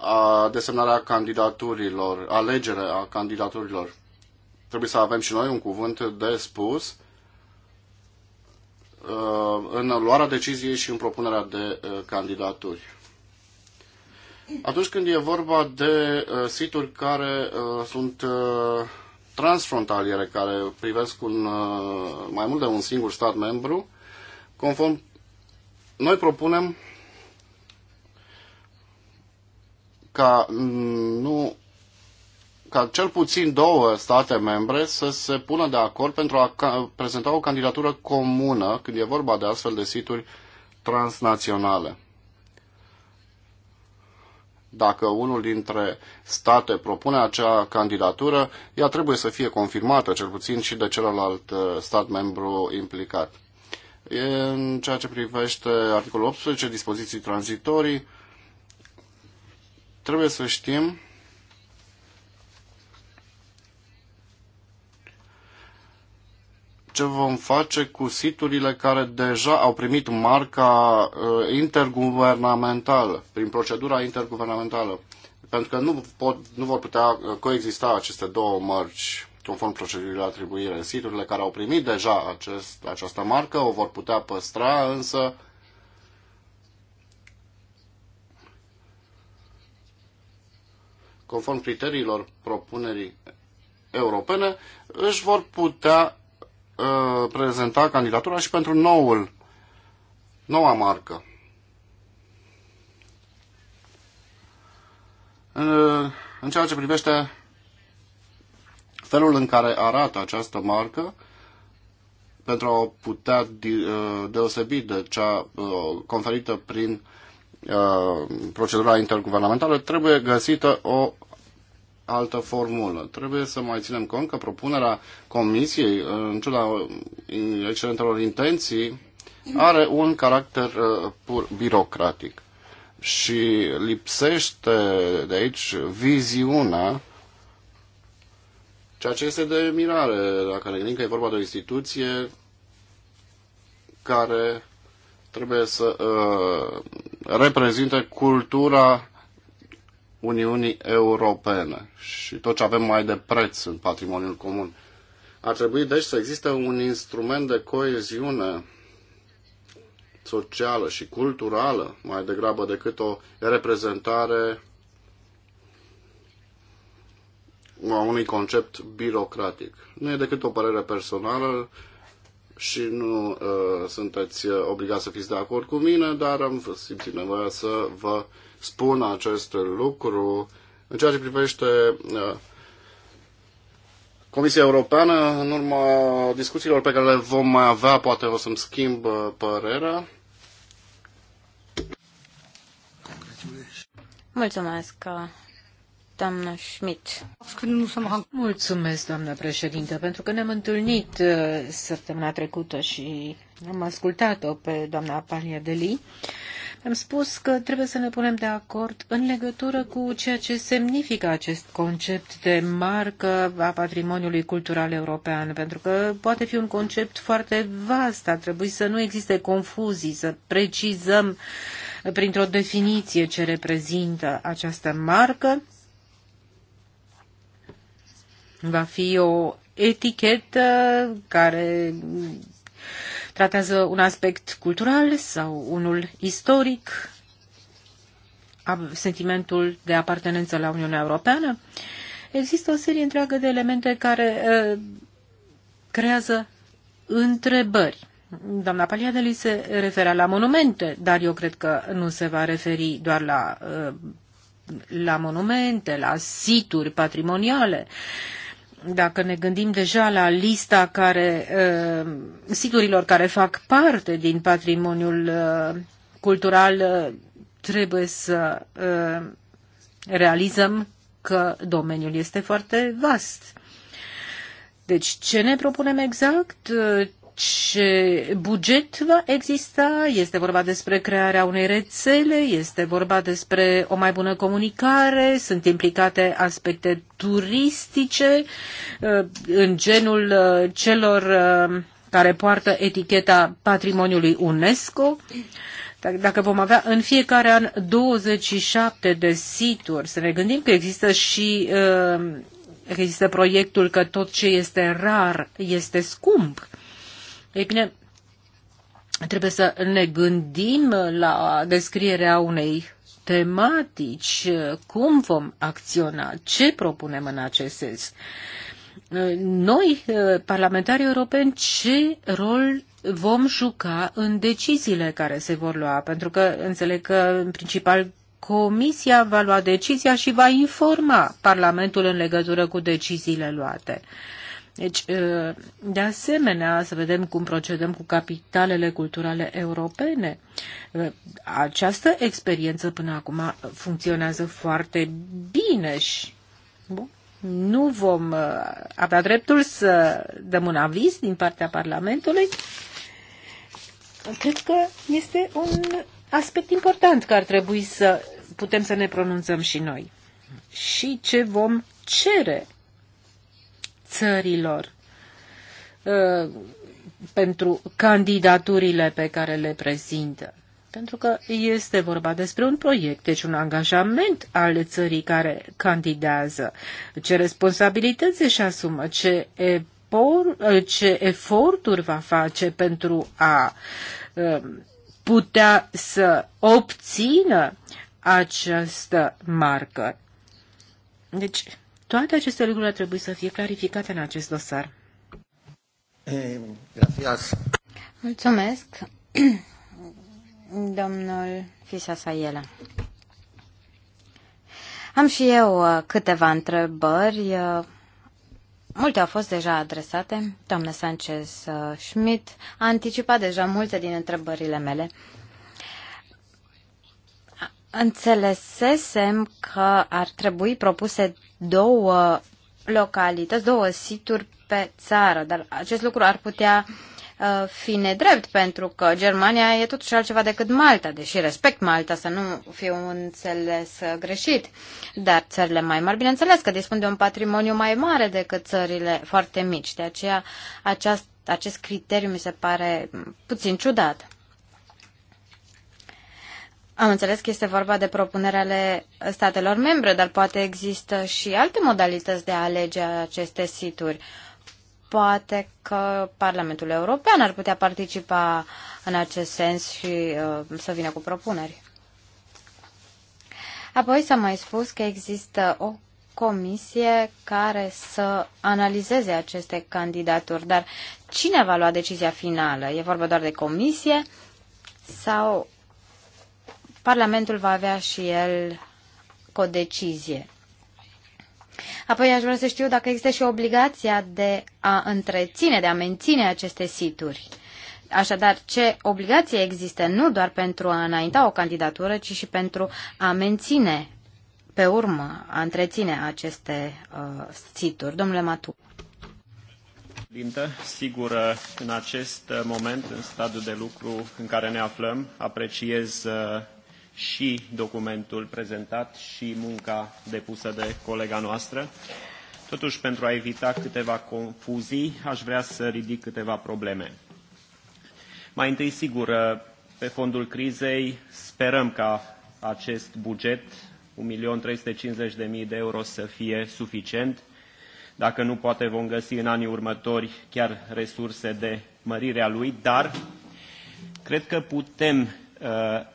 a desemnarea candidaturilor, alegerea candidaturilor. Trebuie să avem și noi un cuvânt de spus uh, în luarea deciziei și în propunerea de uh, candidaturi. Atunci când e vorba de uh, situri care sunt transfrontaliere, care privesc un, mai mult de un singur stat membru, conform noi propunem ca mm, nu ca cel puțin două state membre să se pună de acord pentru a prezenta o candidatură comună când e vorba de astfel de situri transnaționale. Dacă unul dintre state propune acea candidatură, ea trebuie să fie confirmată, cel puțin și de celălalt uh, stat membru implicat. În ceea ce privește articolul 18, dispoziții tranzitorii, Trebuie să știm ce vom face cu siturile care deja au primit marca uh, interguvernamentală, prin procedura interguvernamentală. Pentru că nu, pot, nu vor putea uh, coexista aceste două mărci conform procedurii de atribuire. Siturile care au primit deja acest, această marcă o vor putea păstra, însă conform criteriilor propunerii europene, își vor putea uh, prezenta candidatura și pentru noul, noua marcă. În, uh, în ceea ce privește felul în care arată această marcă, pentru a o putea uh, deosebi de cea uh, conferită prin uh, Uh, procedura interguvernamentală, trebuie găsită o altă formulă. Trebuie să mai ținem cont că propunerea Comisiei, în ciuda excelentelor intenții, are un caracter uh, pur birocratic și lipsește de aici viziunea, ceea ce este de mirare, dacă ne gândim că e vorba de o instituție care trebuie să uh, Reprezintă cultura Uniunii Europene și tot ce avem mai de preț în patrimoniul comun. Ar trebui deci să existe un instrument de coeziune socială și culturală mai degrabă decât o reprezentare a unui concept birocratic. Nu e decât o părere personală, și nu uh, sunteți uh, obligați să fiți de acord cu mine, dar am simțit nevoia să vă spun acest lucru. În ceea ce privește uh, Comisia Europeană, în urma discuțiilor pe care le vom mai avea, poate o să-mi schimb uh, părerea. Mulțumesc, doamnă Schmidt. Mulțumesc, doamnă președinte, pentru că ne-am întâlnit uh, săptămâna trecută și am ascultat-o pe doamna Pania Deli. Am spus că trebuie să ne punem de acord în legătură cu ceea ce semnifică acest concept de marcă a patrimoniului cultural european, pentru că poate fi un concept foarte vast, ar trebui să nu existe confuzii, să precizăm printr-o definiție ce reprezintă această marcă va fi o etichetă care tratează un aspect cultural sau unul istoric, sentimentul de apartenență la Uniunea Europeană. Există o serie întreagă de elemente care ă, creează întrebări. Doamna Paliadeli se referea la monumente, dar eu cred că nu se va referi doar la, ă, la monumente, la situri patrimoniale dacă ne gândim deja la lista care, uh, siturilor care fac parte din patrimoniul uh, cultural, uh, trebuie să realizăm că domeniul este foarte vast. Deci ce ne propunem exact? Deci, buget va exista, este vorba despre crearea unei rețele, este vorba despre o mai bună comunicare, sunt implicate aspecte turistice uh, în genul uh, celor uh, care poartă eticheta patrimoniului UNESCO. Dacă vom avea în fiecare an 27 de situri, să ne gândim că există și există proiectul că tot ce este rar este scump. Ei bine, trebuie să ne gândim la descrierea unei tematici, cum vom acționa, ce propunem în acest sens. Noi, parlamentarii europeni, ce rol vom juca în deciziile care se vor lua? Pentru că înțeleg că, în principal, Comisia va lua decizia și va informa Parlamentul în legătură cu deciziile luate. Uh, deci, ă, de asemenea, să vedem cum procedăm cu capitalele culturale europene. Ă, această experiență până acum funcționează foarte bine și bun, nu vom ă, avea dreptul să dăm un aviz din partea Parlamentului. Cred că este un aspect important că ar trebui să putem să ne pronunțăm și noi. Și ce vom cere țărilor uh, pentru candidaturile pe care le prezintă. Pentru că este vorba despre un proiect, deci un angajament al țării care candidează, ce responsabilități își asumă, ce, epor, uh, ce eforturi va face pentru a uh, putea să obțină această marcă. Deci, toate aceste lucruri ar trebui să fie clarificate în acest dosar. E, eh, Mulțumesc, domnul Fisa Saiela. Am și eu uh, câteva întrebări. Uh, multe au fost deja adresate. Doamna Sanchez uh, Schmidt a anticipat deja multe din întrebările mele. Înțelesesem că ar trebui propuse două localități, două situri pe țară, dar acest lucru ar putea uh, fi nedrept, pentru că Germania e totuși altceva decât Malta, deși respect Malta, să nu fiu înțeles uh, greșit. Dar țările mai mari, bineînțeles că dispun de un patrimoniu mai mare decât țările foarte mici, de aceea aceast, acest criteriu mi se pare mm, puțin ciudat. Am înțeles că este vorba de ale statelor membre, dar poate există și alte modalități de a alege aceste situri. Poate că Parlamentul European ar putea participa în acest sens și uh, să vină cu propuneri. Apoi s-a mai spus că există o comisie care să analizeze aceste candidaturi, dar cine va lua decizia finală? E vorba doar de comisie sau Parlamentul va avea și el o decizie. Apoi aș vrea să știu dacă există și obligația de a întreține, de a menține aceste situri. Așadar, ce obligație există nu doar pentru a înainta o candidatură, ci și pentru a menține pe urmă, a întreține aceste uh, situri? Domnule Matu. Lintă, sigur, în acest moment, în stadiul de lucru în care ne aflăm, apreciez uh, și documentul prezentat și munca depusă de colega noastră. Totuși, pentru a evita câteva confuzii, aș vrea să ridic câteva probleme. Mai întâi, sigur, pe fondul crizei sperăm ca acest buget, 1.350.000 de euro, să fie suficient. Dacă nu, poate vom găsi în anii următori chiar resurse de mărirea a lui, dar cred că putem Uh,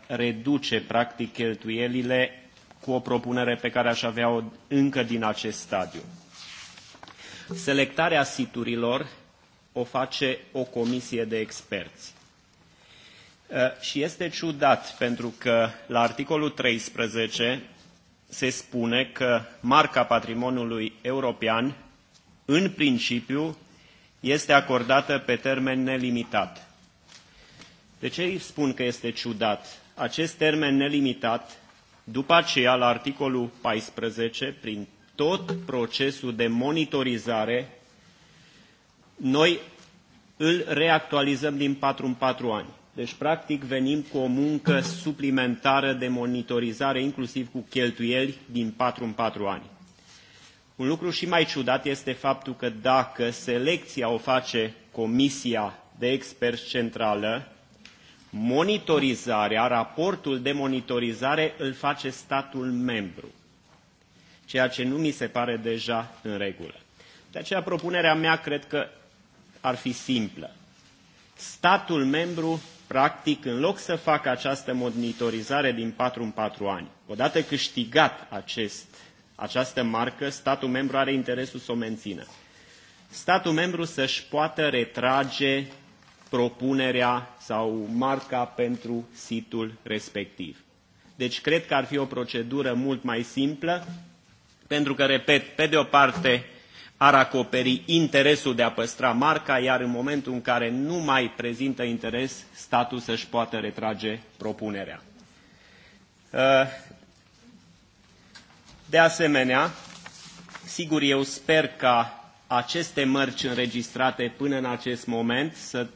reduce practic cheltuielile cu o propunere pe care aș avea-o încă din acest stadiu. Selectarea siturilor o face o comisie de experți. Uh, și este ciudat pentru că la articolul 13 se spune că marca patrimoniului european, în principiu, este acordată pe termen nelimitat. De ce îi spun că este ciudat? Acest termen nelimitat, după aceea, la articolul 14, prin tot procesul de monitorizare, noi îl reactualizăm din 4 în 4 ani. Deci, practic, venim cu o muncă suplimentară de monitorizare, inclusiv cu cheltuieli, din 4 în 4 ani. Un lucru și mai ciudat este faptul că dacă selecția o face Comisia de Experți Centrală, monitorizarea, raportul de monitorizare îl face statul membru, ceea ce nu mi se pare deja în regulă. De aceea propunerea mea cred că ar fi simplă. Statul membru, practic, în loc să facă această monitorizare din 4 în 4 ani, odată câștigat acest, această marcă, statul membru are interesul să o mențină. Statul membru să-și poată retrage propunerea sau marca pentru situl respectiv. Deci cred că ar fi o procedură mult mai simplă, pentru că, repet, pe de o parte ar acoperi interesul de a păstra marca, iar în momentul în care nu mai prezintă interes, statul să-și poată retrage propunerea. Uh, de asemenea, sigur eu sper ca aceste mărci înregistrate până în acest moment să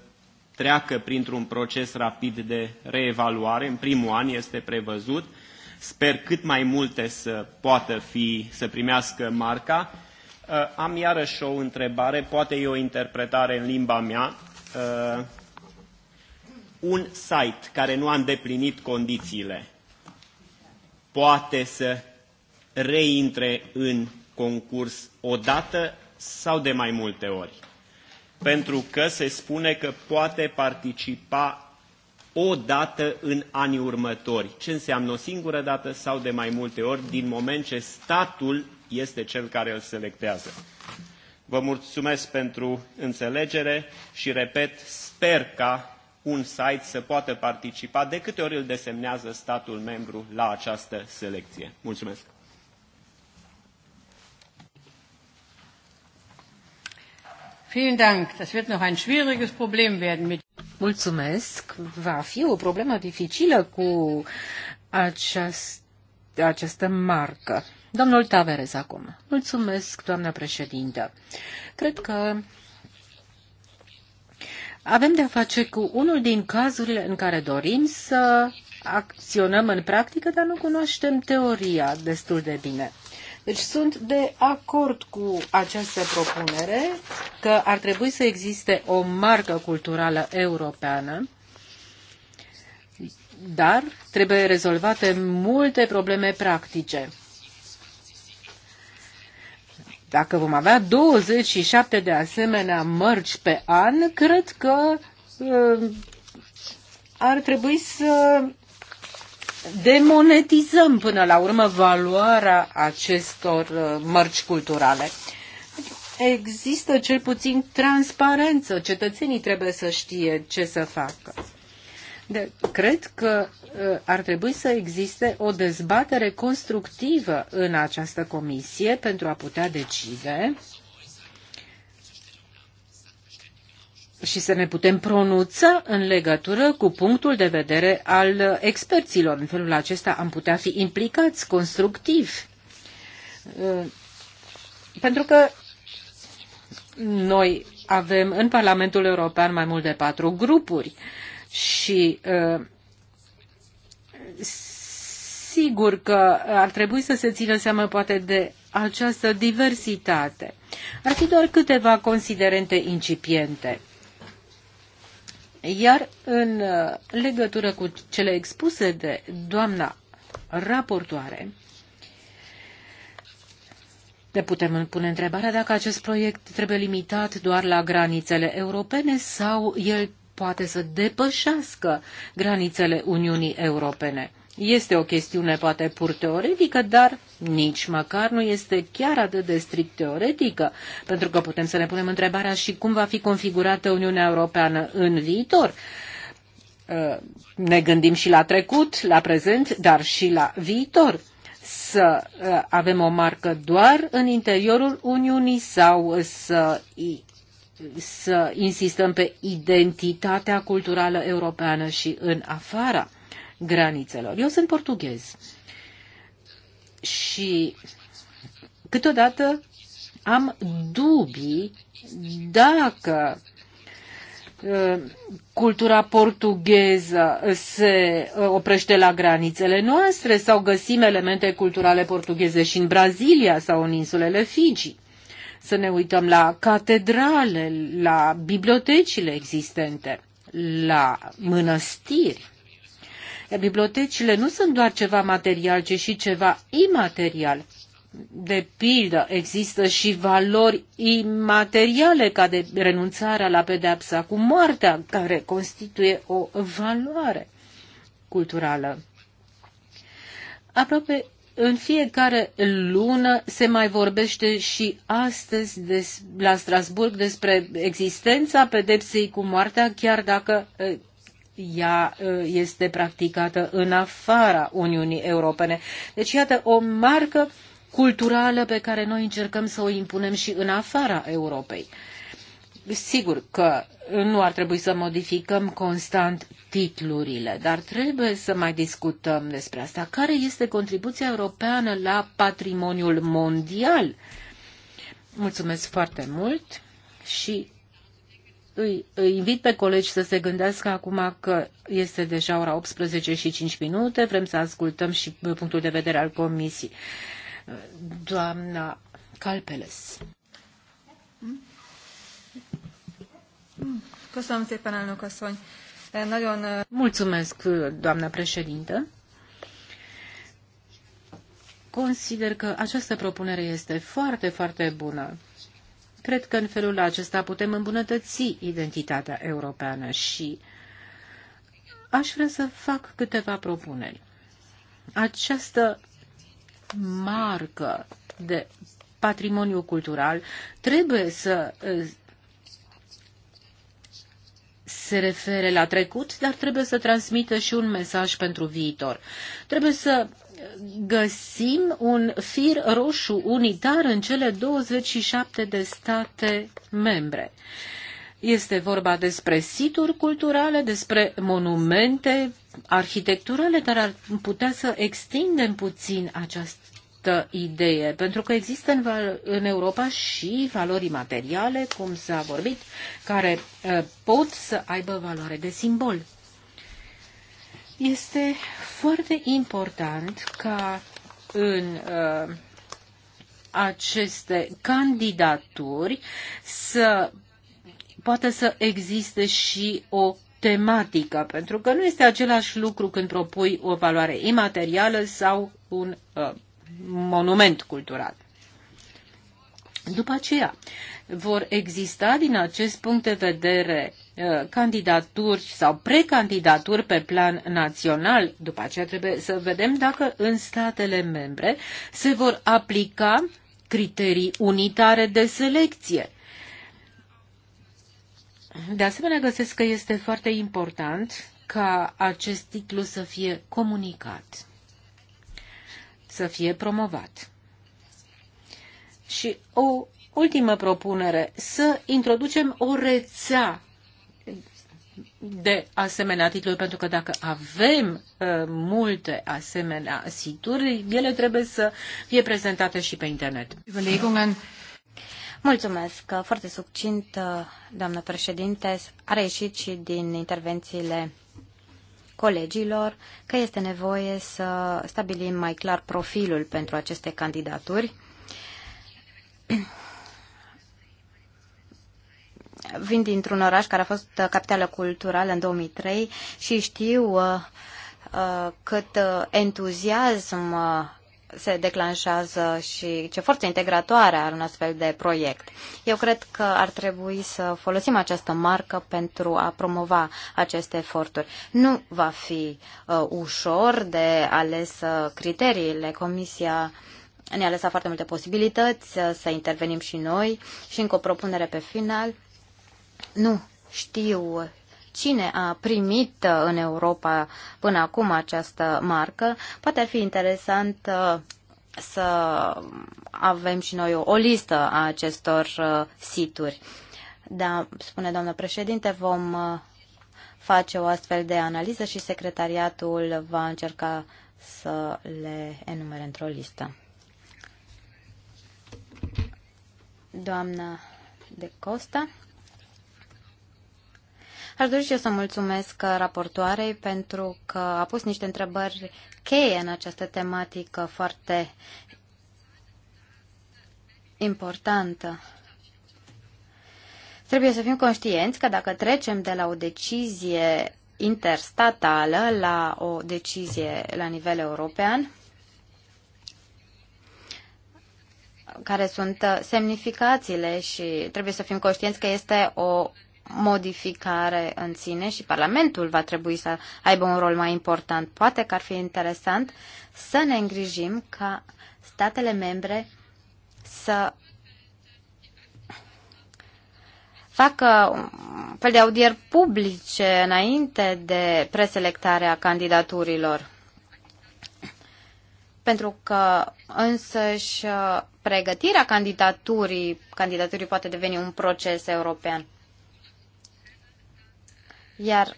treacă printr-un proces rapid de reevaluare. În primul an este prevăzut. Sper cât mai multe să poată fi, să primească marca. Uh, am iarăși o întrebare, poate e o interpretare în limba mea. Uh, un site care nu a îndeplinit condițiile poate să reintre în concurs odată sau de mai multe ori? pentru că se spune că poate participa o dată în anii următori. Ce înseamnă o singură dată sau de mai multe ori, din moment ce statul este cel care îl selectează. Vă mulțumesc pentru înțelegere și, repet, sper ca un site să poată participa de câte ori îl desemnează statul membru la această selecție. Mulțumesc! Vielen Dank. Das wird noch ein schwieriges Problem werden mit Mulțumesc. Va fi o problemă dificilă cu această această marcă. Domnul Taveres acum. Mulțumesc, doamna președintă. Cred că avem de-a face cu unul din cazurile în care dorim să acționăm în practică, dar nu cunoaștem teoria destul de bine. Deci sunt de acord cu această propunere că ar trebui să existe o marcă culturală europeană, dar trebuie rezolvate multe probleme practice. Dacă vom avea 27 de asemenea mărci pe an, cred că uh, ar trebui să demonetizăm până la urmă valoarea acestor uh, mărci culturale. Există cel puțin transparență, cetățenii trebuie să știe ce să facă. De, cred că uh, ar trebui să existe o dezbatere constructivă în această comisie pentru a putea decide și să ne putem pronunța în legătură cu punctul de vedere al experților. În felul acesta am putea fi implicați constructiv. Uh, pentru că noi avem în Parlamentul European mai mult de patru grupuri și uh, sigur că ar trebui să se țină seama poate de această diversitate. Ar fi doar câteva considerente incipiente. Iar în uh, legătură cu cele expuse de doamna raportoare, ne putem pune întrebarea dacă acest proiect trebuie limitat doar la granițele europene sau el poate să depășească granițele Uniunii Europene. Este o chestiune poate pur teoretică, dar nici măcar nu este chiar atât de strict teoretică, pentru că putem să ne punem întrebarea și cum va fi configurată Uniunea Europeană în viitor. Uh, ne gândim și la trecut, la prezent, dar și la viitor să uh, avem o marcă doar în interiorul Uniunii sau să, să insistăm pe identitatea culturală europeană și în afara granițelor. Eu sunt portughez și câteodată am dubii dacă uh, cultura portugheză se uh, oprește la granițele noastre sau găsim elemente culturale portugheze și în Brazilia sau în insulele Fiji. Să ne uităm la catedrale, la bibliotecile existente, la mănăstiri. Bibliotecile nu sunt doar ceva material, ci și ceva imaterial. De pildă, există și valori imateriale, ca de renunțarea la pedepsa cu moartea, care constituie o valoare culturală. Aproape în fiecare lună se mai vorbește și astăzi des, la Strasburg despre existența pedepsei cu moartea, chiar dacă ea ă, este practicată în afara Uniunii Europene. Deci, iată, o marcă culturală pe care noi încercăm să o impunem și în afara Europei. Sigur că nu ar trebui să modificăm constant titlurile, dar trebuie să mai discutăm despre asta. Care este contribuția europeană la patrimoniul mondial? Mulțumesc foarte mult și îi invit pe colegi să se gândească acum că este deja ora 18 și 5 minute, vrem să ascultăm și punctul de vedere al comisiei. Doamna Calpeles. Eh, eh, Mulțumesc, doamna președintă. Consider că această propunere este foarte, foarte bună Cred că în felul acesta putem îmbunătăți identitatea europeană și aș vrea să fac câteva propuneri. Această marcă de patrimoniu cultural trebuie să se refere la trecut, dar trebuie să transmită și un mesaj pentru viitor. Trebuie să găsim un fir roșu unitar în cele 27 de state membre. Este vorba despre situri culturale, despre monumente arhitecturale, dar ar putea să extindem puțin această idee, pentru că există în, în Europa și valori materiale, cum s-a vorbit, care eh, pot să aibă valoare de simbol. Este foarte important ca în uh, aceste candidaturi să poate să existe și o tematică, pentru că nu este același lucru când propui o valoare imaterială sau un uh, monument cultural. După aceea, vor exista din acest punct de vedere uh, candidaturi sau precandidaturi pe plan național. După aceea trebuie să vedem dacă în statele membre se vor aplica criterii unitare de selecție. De asemenea, găsesc că este foarte important ca acest titlu să fie comunicat, să fie promovat. Și o ultimă propunere, să introducem o rețea de asemenea titluri, pentru că dacă avem uh, multe asemenea situri, ele trebuie să fie prezentate și pe internet. Mulțumesc. Uh, foarte succint, uh, doamnă președinte, a reieșit și din intervențiile colegilor că este nevoie să stabilim mai clar profilul pentru aceste candidaturi vin dintr-un oraș care a fost uh, capitală culturală în 2003 și știu uh, uh, cât entuziasm se declanșează și ce forță integratoare are un astfel de proiect. Eu cred că ar trebui să folosim această marcă pentru a promova aceste eforturi. Nu va fi uh, ușor de ales criteriile. Comisia ne-a lăsat foarte multe posibilități să intervenim și noi și încă o propunere pe final. Nu știu cine a primit uh, în Europa până acum această marcă. Poate ar fi interesant uh, să avem și noi o, listă a acestor uh, situri. Da, spune doamnă președinte, vom face o astfel de analiză și secretariatul va încerca să le enumere într-o listă. Doamna de Costa. Aș dori și eu să mulțumesc raportoarei pentru că a pus niște întrebări cheie în această tematică foarte importantă. Trebuie să fim conștienți că dacă trecem de la o decizie interstatală la o decizie la nivel european, care sunt semnificațiile și trebuie să fim conștienți că este o modificare în sine și Parlamentul va trebui să aibă un rol mai important. Poate că ar fi interesant să ne îngrijim ca statele membre să facă un fel de audieri publice înainte de preselectarea candidaturilor. Pentru că însăși pregătirea candidaturii, candidaturii poate deveni un proces european. Iar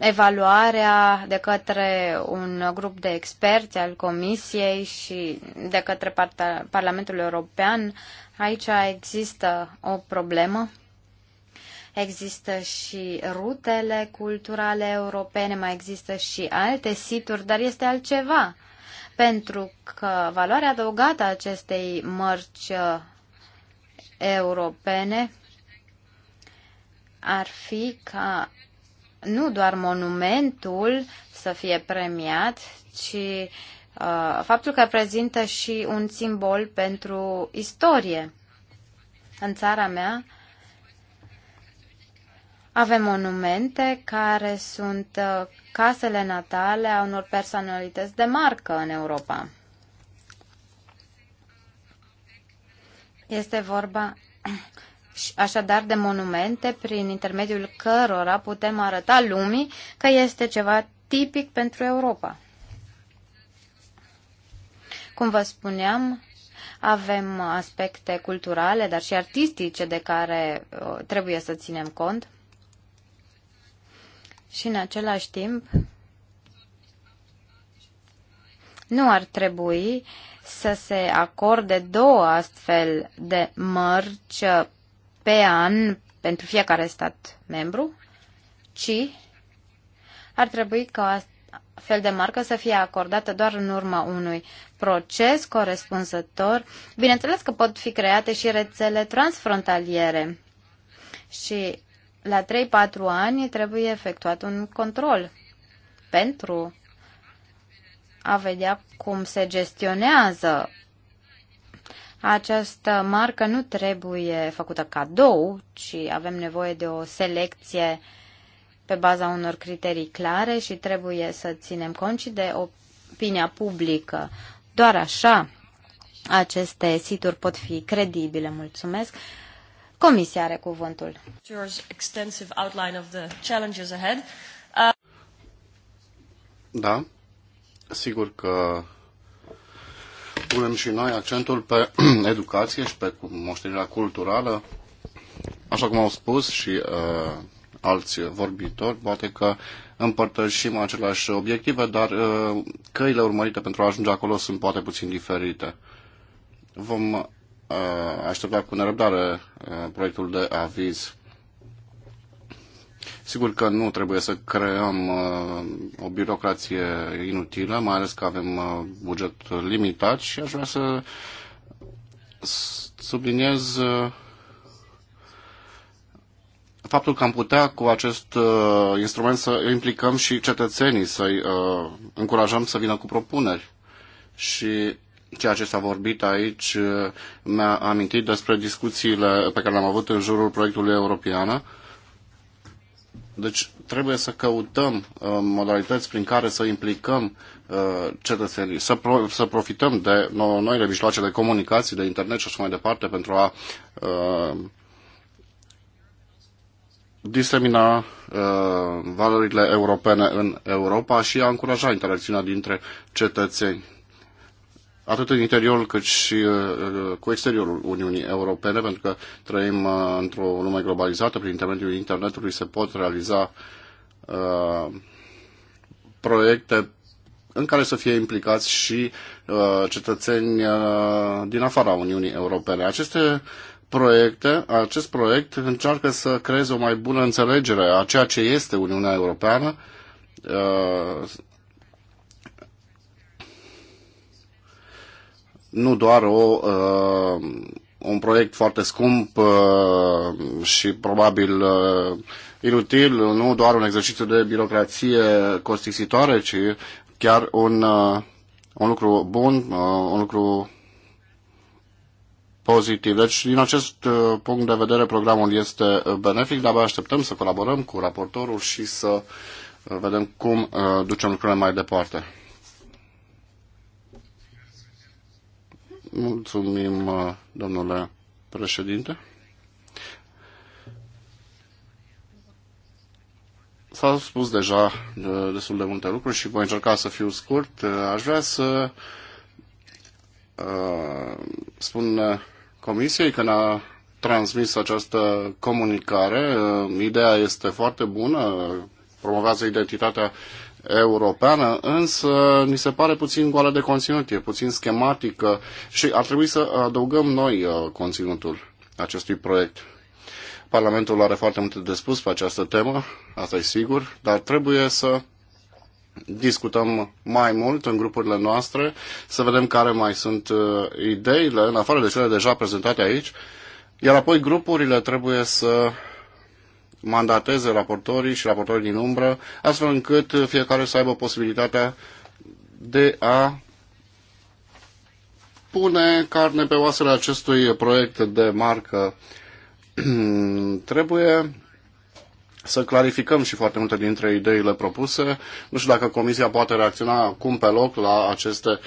evaluarea de către un grup de experți al Comisiei și de către Parlamentul European, aici există o problemă. Există și rutele culturale europene, mai există și alte situri, dar este altceva. Pentru că valoarea adăugată a acestei mărci uh, europene ar fi ca nu doar monumentul să fie premiat, ci uh, faptul că prezintă și un simbol pentru istorie. În țara mea avem monumente care sunt uh, casele natale a unor personalități de marcă în Europa. Este vorba așadar de monumente prin intermediul cărora putem arăta lumii că este ceva tipic pentru Europa. Cum vă spuneam, avem aspecte culturale, dar și artistice de care uh, trebuie să ținem cont. Și în același timp, nu ar trebui să se acorde două astfel de mărci uh, pe an pentru fiecare stat membru, ci ar trebui ca fel de marcă să fie acordată doar în urma unui proces corespunzător. Bineînțeles că pot fi create și rețele transfrontaliere și la 3-4 ani trebuie efectuat un control pentru a vedea cum se gestionează această marcă nu trebuie făcută cadou, ci avem nevoie de o selecție pe baza unor criterii clare și trebuie să ținem cont și de opinia publică. Doar așa aceste situri pot fi credibile. Mulțumesc. Comisia are cuvântul. Da, sigur că punem și noi accentul pe educație și pe moștenirea culturală. Așa cum au spus și uh, alți vorbitori, poate că împărtășim aceleași obiective, dar uh, căile urmărite pentru a ajunge acolo sunt poate puțin diferite. Vom uh, aștepta cu nerăbdare uh, proiectul de aviz Sigur că nu trebuie să creăm uh, o birocrație inutilă, mai ales că avem uh, buget limitat și aș vrea să subliniez uh, faptul că am putea cu acest uh, instrument să implicăm și cetățenii, să-i uh, încurajăm să vină cu propuneri. Și ceea ce s-a vorbit aici uh, mi-a amintit despre discuțiile pe care le-am avut în jurul proiectului european deci trebuie să căutăm uh, modalități prin care să implicăm uh, cetățenii, să, pro- să profităm de no- noile mijloace de comunicații, de internet și așa mai departe pentru a uh, disemina uh, valorile europene în Europa și a încuraja interacțiunea dintre cetățeni atât în interiorul cât și uh, uh, cu exteriorul Uniunii Europene, pentru că trăim uh, într-o lume globalizată, prin intermediul internetului se pot realiza uh, proiecte în care să fie implicați și uh, cetățeni uh, din afara Uniunii Europene. Aceste proiecte, acest proiect încearcă să creeze o mai bună înțelegere a ceea ce este Uniunea Europeană, uh, nu doar o, uh, un proiect foarte scump uh, și probabil uh, inutil, nu doar un exercițiu de birocrație costisitoare, ci chiar un, uh, un lucru bun, uh, un lucru pozitiv. Deci, din acest uh, punct de vedere, programul este benefic, dar abia așteptăm să colaborăm cu raportorul și să uh, vedem cum uh, ducem lucrurile mai departe. Mulțumim, uh, domnule președinte. s a spus deja uh, destul de multe lucruri și voi încerca să fiu scurt. Uh, aș vrea să uh, spun Comisiei că ne-a transmis această comunicare. Ideea este foarte bună, promovează identitatea europeană, însă ni se pare puțin goală de conținut, e puțin schematică și ar trebui să adăugăm noi uh, conținutul acestui proiect. Parlamentul are foarte multe de spus pe această temă, asta e sigur, dar trebuie să discutăm mai mult în grupurile noastre, să vedem care mai sunt uh, ideile, în afară de cele deja prezentate aici, iar apoi grupurile trebuie să mandateze raportorii și raportorii din umbră, astfel încât fiecare să aibă posibilitatea de a pune carne pe oasele acestui proiect de marcă. Trebuie să clarificăm și foarte multe dintre ideile propuse. Nu știu dacă Comisia poate reacționa acum pe loc la aceste uh,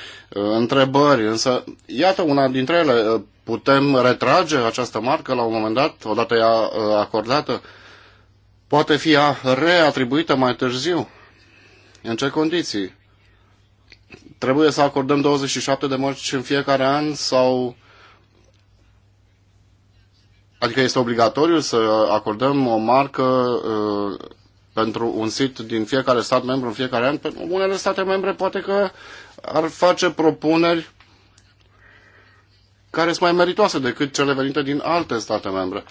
întrebări, însă iată una dintre ele. Uh, putem retrage această marcă la un moment dat, odată ea uh, acordată? Uh, poate fi reatribuită mai târziu. În ce condiții? Trebuie să acordăm 27 de mărci în fiecare an sau Adică este obligatoriu să acordăm o marcă uh, pentru un sit din fiecare stat membru în fiecare an. Unele state membre poate că ar face propuneri care sunt mai meritoase decât cele venite din alte state membre.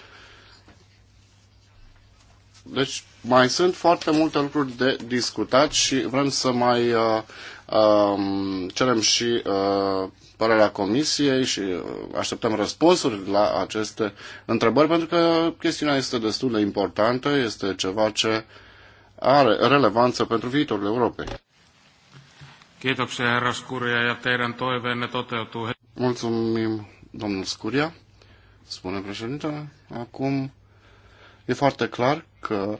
Deci mai sunt foarte multe lucruri de discutat și vrem să mai uh, uh, cerem și uh, părerea comisiei și uh, așteptăm răspunsuri la aceste întrebări, pentru că chestiunea este destul de importantă, este ceva ce are relevanță pentru viitorul Europei. Kiitoksia, herra Skuria, ja teidän toiveenne toteutuu. Mulțumim, domnul Scuria, spune președintele. Acum e foarte clar că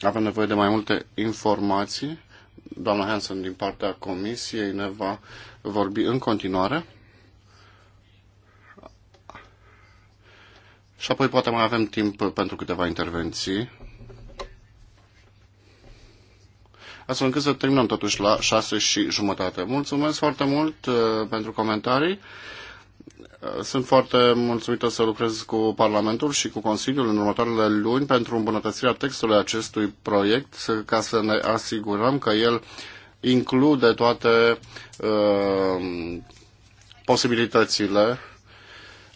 avem nevoie de mai multe informații. Doamna Hansen, din partea Comisiei, ne va vorbi în continuare. Și apoi poate mai avem timp pentru câteva intervenții. Astfel încât să terminăm totuși la șase și jumătate. Mulțumesc foarte mult uh, pentru comentarii. Sunt foarte mulțumită să lucrez cu Parlamentul și cu Consiliul în următoarele luni pentru îmbunătățirea textului acestui proiect, ca să ne asigurăm că el include toate uh, posibilitățile.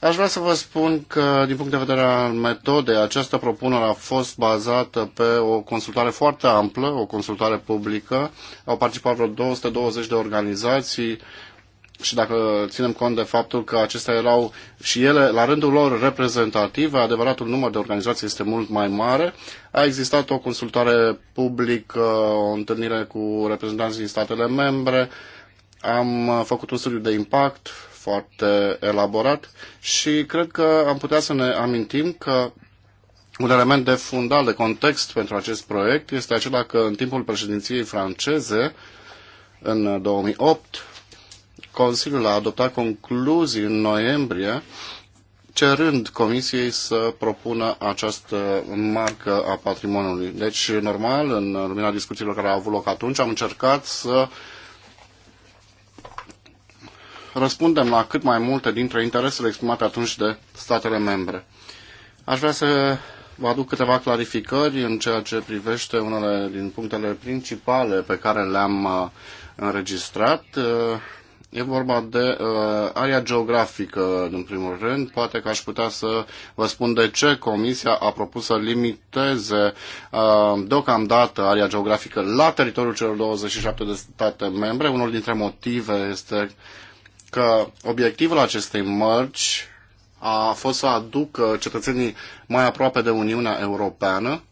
Aș vrea să vă spun că, din punct de vedere al metodei, această propunere a fost bazată pe o consultare foarte amplă, o consultare publică. Au participat vreo 220 de organizații, și dacă ținem cont de faptul că acestea erau și ele, la rândul lor, reprezentative, adevăratul număr de organizații este mult mai mare. A existat o consultare publică, o întâlnire cu reprezentanții din statele membre, am făcut un studiu de impact foarte elaborat și cred că am putea să ne amintim că un element de fundal, de context pentru acest proiect este acela că în timpul președinției franceze, în 2008, Consiliul a adoptat concluzii în noiembrie cerând Comisiei să propună această marcă a patrimoniului. Deci, normal, în lumina discuțiilor care au avut loc atunci, am încercat să răspundem la cât mai multe dintre interesele exprimate atunci de statele membre. Aș vrea să vă aduc câteva clarificări în ceea ce privește unele din punctele principale pe care le-am uh, înregistrat. Uh, E vorba de uh, area geografică, în primul rând. Poate că aș putea să vă spun de ce Comisia a propus să limiteze uh, deocamdată area geografică la teritoriul celor 27 de state membre. Unul dintre motive este că obiectivul acestei mărci a fost să aducă cetățenii mai aproape de Uniunea Europeană,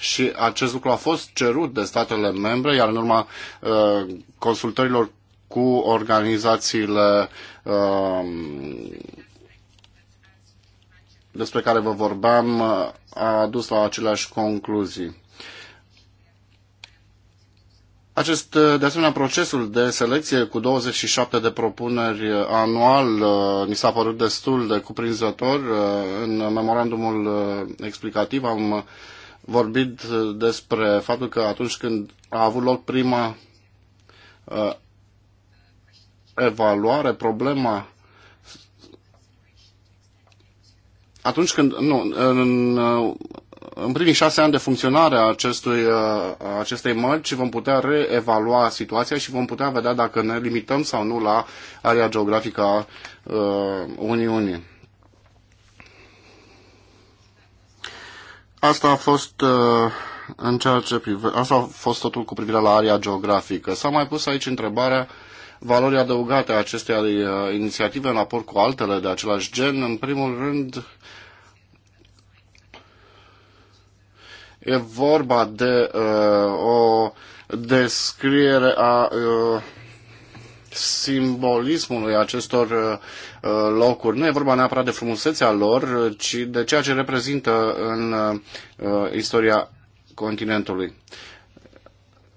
și acest lucru a fost cerut de statele membre, iar în urma uh, consultărilor cu organizațiile um, despre care vă vorbeam a dus la aceleași concluzii. Acest, de asemenea, procesul de selecție cu 27 de propuneri anual mi uh, s-a părut destul de cuprinzător. Uh, în memorandumul uh, explicativ am vorbit despre faptul că atunci când a avut loc prima evaluare problema atunci când, nu, în, în primii șase ani de funcționare a acestui, acestei mărci vom putea reevalua situația și vom putea vedea dacă ne limităm sau nu la area geografică a Uniunii. Asta a fost în ceea ce prive... Asta a fost totul cu privire la area geografică. S-a mai pus aici întrebarea uh, Valori adăugate a acestei uh, inițiative în aport cu altele de același gen. În primul rând, e vorba de uh, o descriere a uh, simbolismului acestor uh, uh locuri. Nu e vorba neapărat de frumusețea lor, ci de ceea ce reprezintă în uh, uh istoria continentului.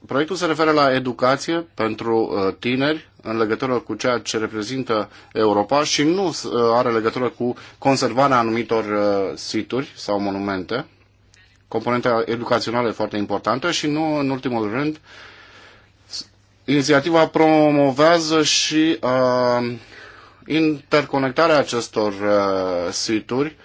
Proiectul se referă la educație pentru uh, tineri, în legătură cu ceea ce reprezintă Europa și nu uh, are legătură cu conservarea anumitor uh, situri sau monumente. Componenta educațională e foarte importantă și nu în ultimul rând inițiativa promovează și uh, interconectarea acestor uh, situri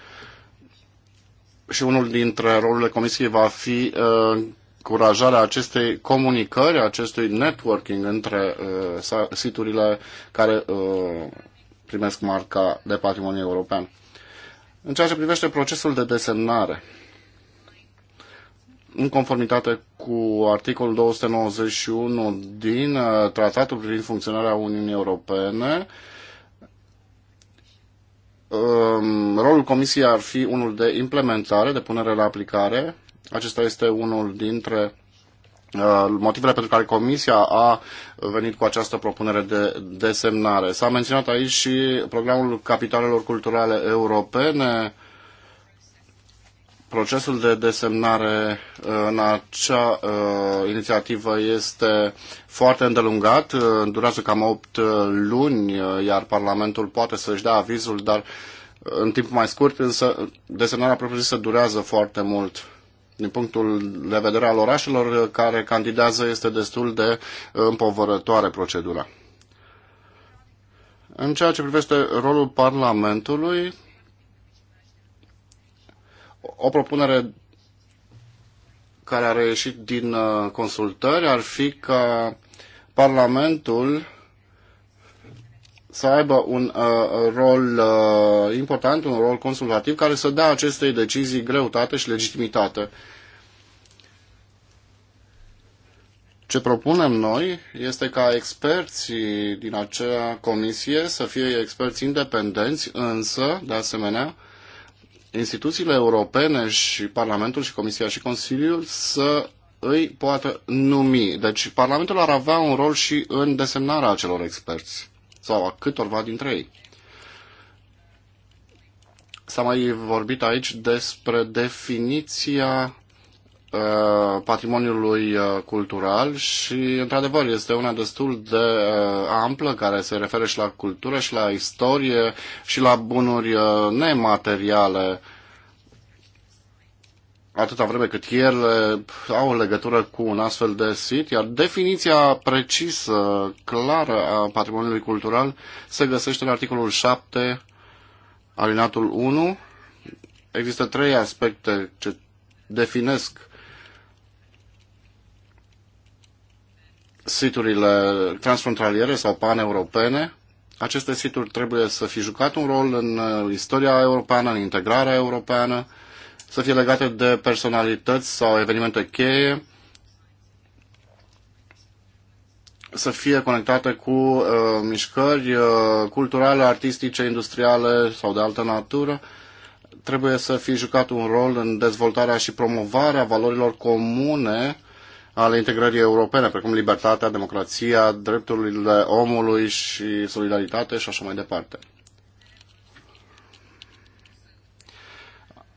și unul dintre rolurile comisiei va fi uh, încurajarea acestei comunicări, acestui networking între uh, siturile care uh, primesc marca de patrimoniu european. În ceea ce privește procesul de desemnare, în conformitate cu articolul 291 din uh, Tratatul privind funcționarea Uniunii Europene, um, rolul Comisiei ar fi unul de implementare, de punere la aplicare acesta este unul dintre uh, motivele pentru care Comisia a venit cu această propunere de desemnare. S-a menționat aici și programul capitalelor culturale europene, procesul de desemnare uh, în acea uh, inițiativă este foarte îndelungat, uh, durează cam 8 luni, iar Parlamentul poate să-și dea avizul, dar în timp mai scurt, însă desemnarea propriu-zisă durează foarte mult din punctul de vedere al orașelor care candidează este destul de împovărătoare procedura. În ceea ce privește rolul Parlamentului, o propunere care a reieșit din uh, consultări ar fi ca Parlamentul să aibă un uh, rol uh, important, un rol consultativ, care să dea acestei decizii greutate și legitimitate. Ce propunem noi este ca experții din acea comisie să fie experți independenți, însă, de asemenea, instituțiile europene și Parlamentul și Comisia și Consiliul să îi poată numi. Deci Parlamentul ar avea un rol și în desemnarea acelor experți sau a câtorva dintre ei. S-a mai vorbit aici despre definiția uh, patrimoniului uh, cultural și, într-adevăr, este una destul de uh, amplă care se referă și la cultură și la istorie și la bunuri nemateriale atâta vreme cât ele au legătură cu un astfel de sit, iar definiția precisă, clară a patrimoniului cultural se găsește în articolul 7, alinatul 1. Există trei aspecte ce definesc siturile transfrontaliere sau paneuropene. Aceste situri trebuie să fi jucat un rol în istoria europeană, în integrarea europeană, să fie legate de personalități sau evenimente cheie, să fie conectate cu uh, mișcări uh, culturale, artistice, industriale sau de altă natură. Trebuie să fie jucat un rol în dezvoltarea și promovarea valorilor comune ale integrării europene, precum libertatea, democrația, drepturile omului și solidaritate și așa mai departe.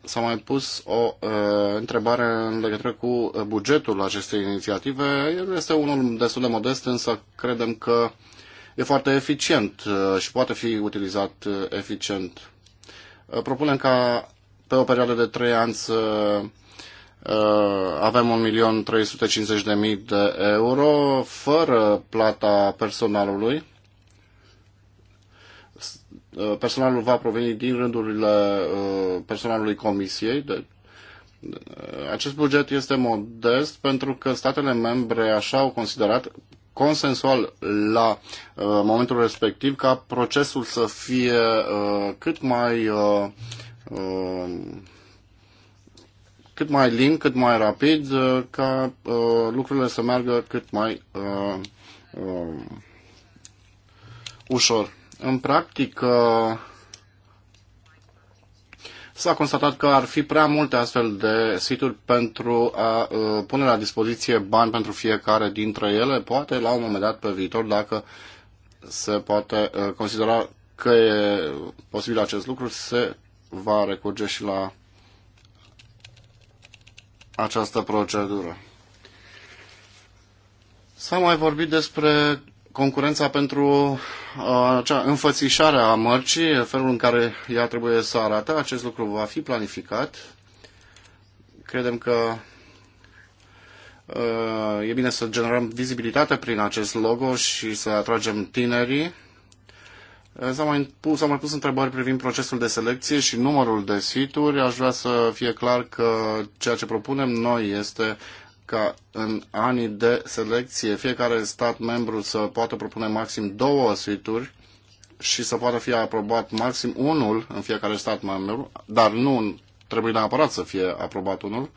S-a mai pus o uh, întrebare în legătură cu uh, bugetul acestei inițiative. El este unul destul de modest, însă credem că e foarte eficient uh, și poate fi utilizat uh, eficient. Uh, propunem ca pe o perioadă de 3 ani să uh, avem 1.350.000 de euro fără plata personalului Uh, personalul va proveni din rândurile uh, personalului comisiei. De, uh, acest buget este modest pentru că statele membre așa au considerat consensual la uh, momentul respectiv ca procesul să fie uh, cât mai uh, uh, cât mai lin, cât mai rapid, uh, ca uh, lucrurile să meargă cât mai uh, uh, ușor. În practică, s-a constatat că ar fi prea multe astfel de situri pentru a uh, pune la dispoziție bani pentru fiecare dintre ele. Poate la un moment dat pe viitor, dacă se poate uh, considera că e posibil acest lucru, se va recurge și la această procedură. S-a mai vorbit despre concurența pentru uh, acea înfățișare a mărcii, felul în care ea trebuie să arate, acest lucru va fi planificat. Credem că uh, e bine să generăm vizibilitate prin acest logo și să atragem tinerii. Uh, s-au mai, pus, s-au mai pus întrebări privind procesul de selecție și numărul de situri. Aș vrea să fie clar că ceea ce propunem noi este ca în anii de selecție fiecare stat membru să poată propune maxim două suituri și să poată fi aprobat maxim unul în fiecare stat membru, dar nu trebuie neapărat să fie aprobat unul.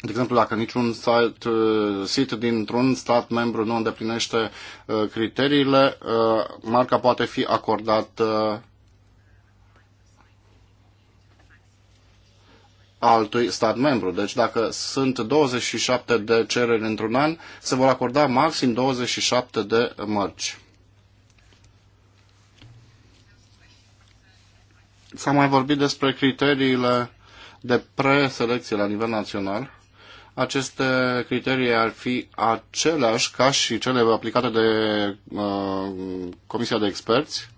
De exemplu, dacă niciun site, uh, sit dintr-un stat membru nu îndeplinește uh, criteriile, uh, marca poate fi acordată altui stat membru. Deci dacă sunt 27 de cereri într-un an, se vor acorda maxim 27 de mărci. S-a mai vorbit despre criteriile de preselecție la nivel național. Aceste criterii ar fi aceleași ca și cele aplicate de uh, Comisia de Experți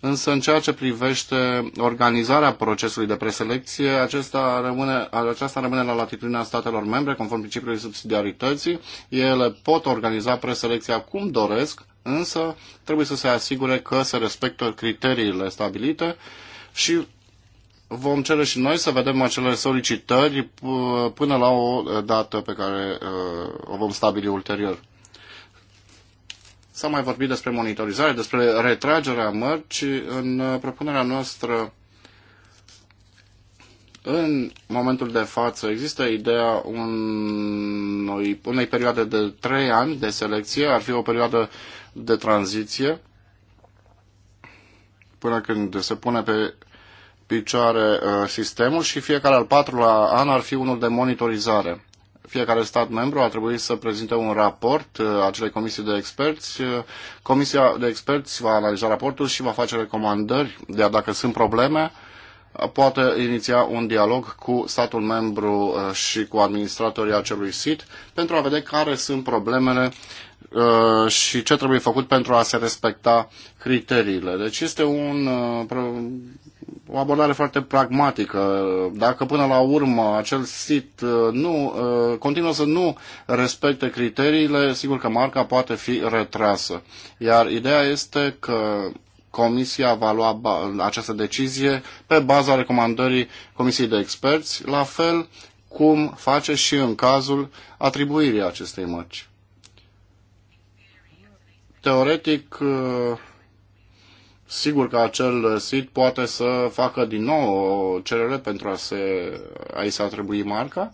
Însă în ceea ce privește organizarea procesului de preselecție, acesta rămâne, aceasta rămâne la latitudinea statelor membre, conform principiului subsidiarității. Ele pot organiza preselecția cum doresc, însă trebuie să se asigure că se respectă criteriile stabilite și vom cere și noi să vedem acele solicitări până la o dată pe care uh, o vom stabili ulterior. S-a mai vorbit despre monitorizare, despre retragerea mărcii. În uh, propunerea noastră, în momentul de față, există ideea unui, unei perioade de trei ani de selecție. Ar fi o perioadă de tranziție până când se pune pe picioare uh, sistemul și fiecare al patrulea an ar fi unul de monitorizare fiecare stat membru a trebuit să prezinte un raport uh, acelei comisii de experți. Uh, Comisia de experți va analiza raportul și va face recomandări, De a, dacă sunt probleme, uh, poate iniția un dialog cu statul membru și cu administratorii acelui sit pentru a vedea care sunt problemele și ce trebuie făcut pentru a se respecta criteriile. Deci este un o abordare foarte pragmatică. Dacă până la urmă acel sit uh, nu, uh, continuă să nu respecte criteriile, sigur că marca poate fi retrasă. Iar ideea este că Comisia va lua această decizie pe baza recomandării Comisiei de Experți, la fel cum face și în cazul atribuirii acestei mărci. Teoretic, uh, sigur că acel sit poate să facă din nou o cerere pentru a, se, a i se atribui marca.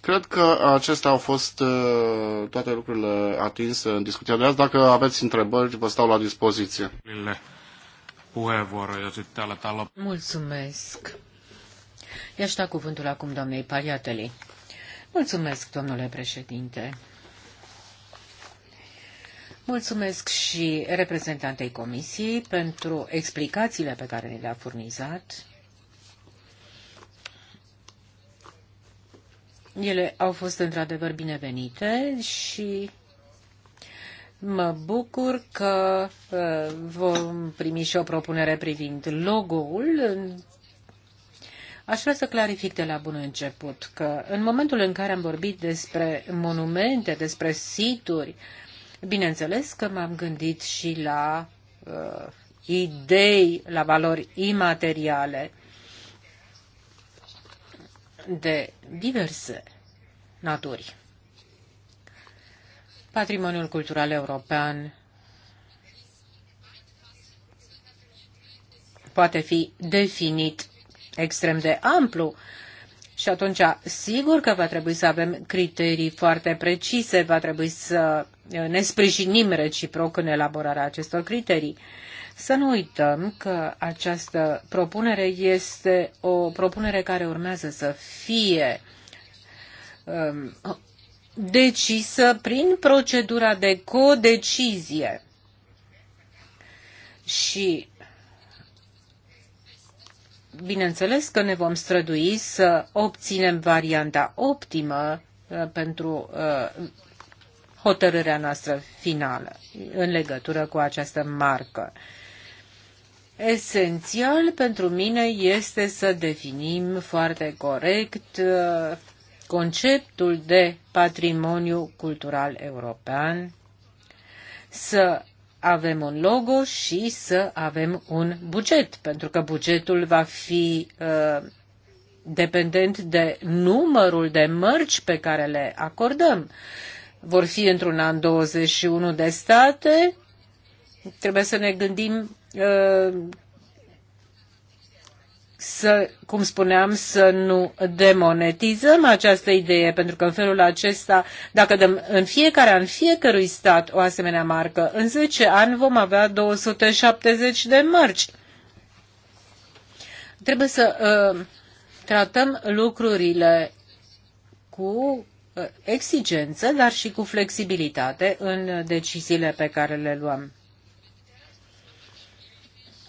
Cred că acestea au fost uh, toate lucrurile atinse în discuția de azi. Dacă aveți întrebări, vă stau la dispoziție. Mulțumesc. Ia da cuvântul acum doamnei Pariateli. Mulțumesc, domnule președinte. Mulțumesc și reprezentantei Comisiei pentru explicațiile pe care ni le-a furnizat. Ele au fost într-adevăr binevenite și mă bucur că uh, vom primi și o propunere privind logo-ul. Aș vrea să clarific de la bun început că în momentul în care am vorbit despre monumente, despre situri, uh, Bineînțeles că m-am gândit și la uh, idei, la valori imateriale de diverse naturi. Patrimoniul cultural european poate fi definit extrem de amplu. Și atunci, sigur că va trebui să avem criterii foarte precise, va trebui să Eh, ne sprijinim reciproc în elaborarea acestor criterii. Să nu uităm că această propunere este o propunere care urmează să fie um, decisă prin procedura de codecizie. Și bineînțeles că ne vom strădui să obținem varianta optimă uh, pentru uh, hotărârea noastră finală în legătură cu această marcă. Esențial pentru mine este să definim foarte corect uh, conceptul de patrimoniu cultural european, să avem un logo și să avem un buget, pentru că bugetul va fi uh, dependent de numărul de mărci pe care le acordăm vor fi într-un an 21 de state. Trebuie să ne gândim uh, să, cum spuneam, să nu demonetizăm această idee, pentru că în felul acesta, dacă dăm în fiecare an fiecărui stat o asemenea marcă, în 10 ani vom avea 270 de mărci. Trebuie să uh, tratăm lucrurile cu Uh, exigență, dar și cu flexibilitate în deciziile pe care le luăm.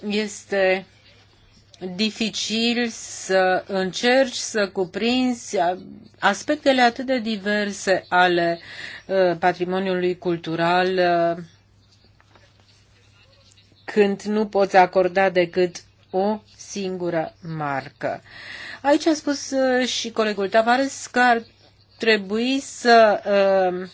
Este dificil să încerci să cuprinzi aspectele atât de diverse ale uh, patrimoniului cultural uh, când nu poți acorda decât o singură marcă. Aici a spus și colegul Tavares că ar trebui să uh,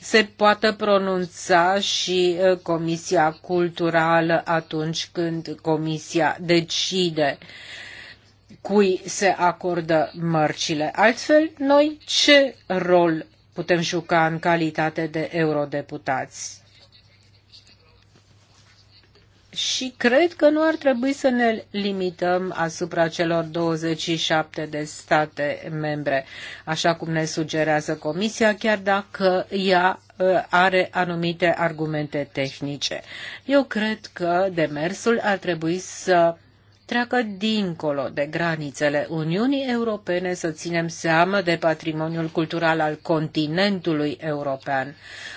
se poată pronunța și uh, Comisia Culturală atunci când Comisia decide cui se acordă mărcile. Altfel, noi ce rol putem juca în calitate de eurodeputați? și cred că nu ar trebui să ne limităm asupra celor 27 de state membre, așa cum ne sugerează Comisia, chiar dacă ea ă, are anumite argumente tehnice. Eu cred că demersul ar trebui să treacă dincolo de granițele Uniunii Europene, să ținem seama de patrimoniul cultural al continentului european.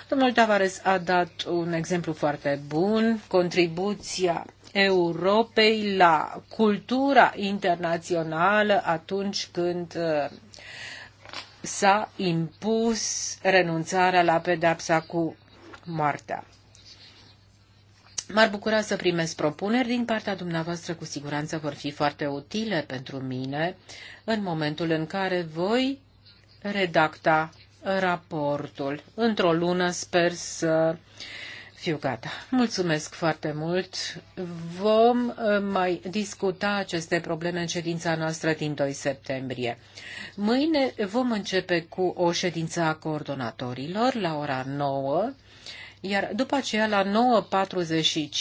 Domnul Tavares a dat un exemplu foarte bun, contribuția Europei la cultura internațională atunci când uh, s-a impus renunțarea la pedepsa cu moartea. M-ar bucura să primesc propuneri din partea dumneavoastră, cu siguranță vor fi foarte utile pentru mine în momentul în care voi redacta raportul. Într-o lună sper să fiu gata. Mulțumesc foarte mult. Vom uh, mai discuta aceste probleme în ședința noastră din 2 septembrie. Mâine vom începe cu o ședință a coordonatorilor la ora 9 iar după aceea la 9.45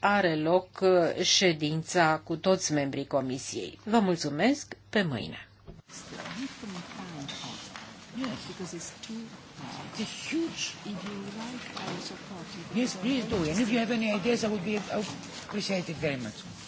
are loc uh, ședința cu toți membrii comisiei. Vă mulțumesc, pe mâine! Yes, please do. And if you have any ideas, I would be appreciated very much.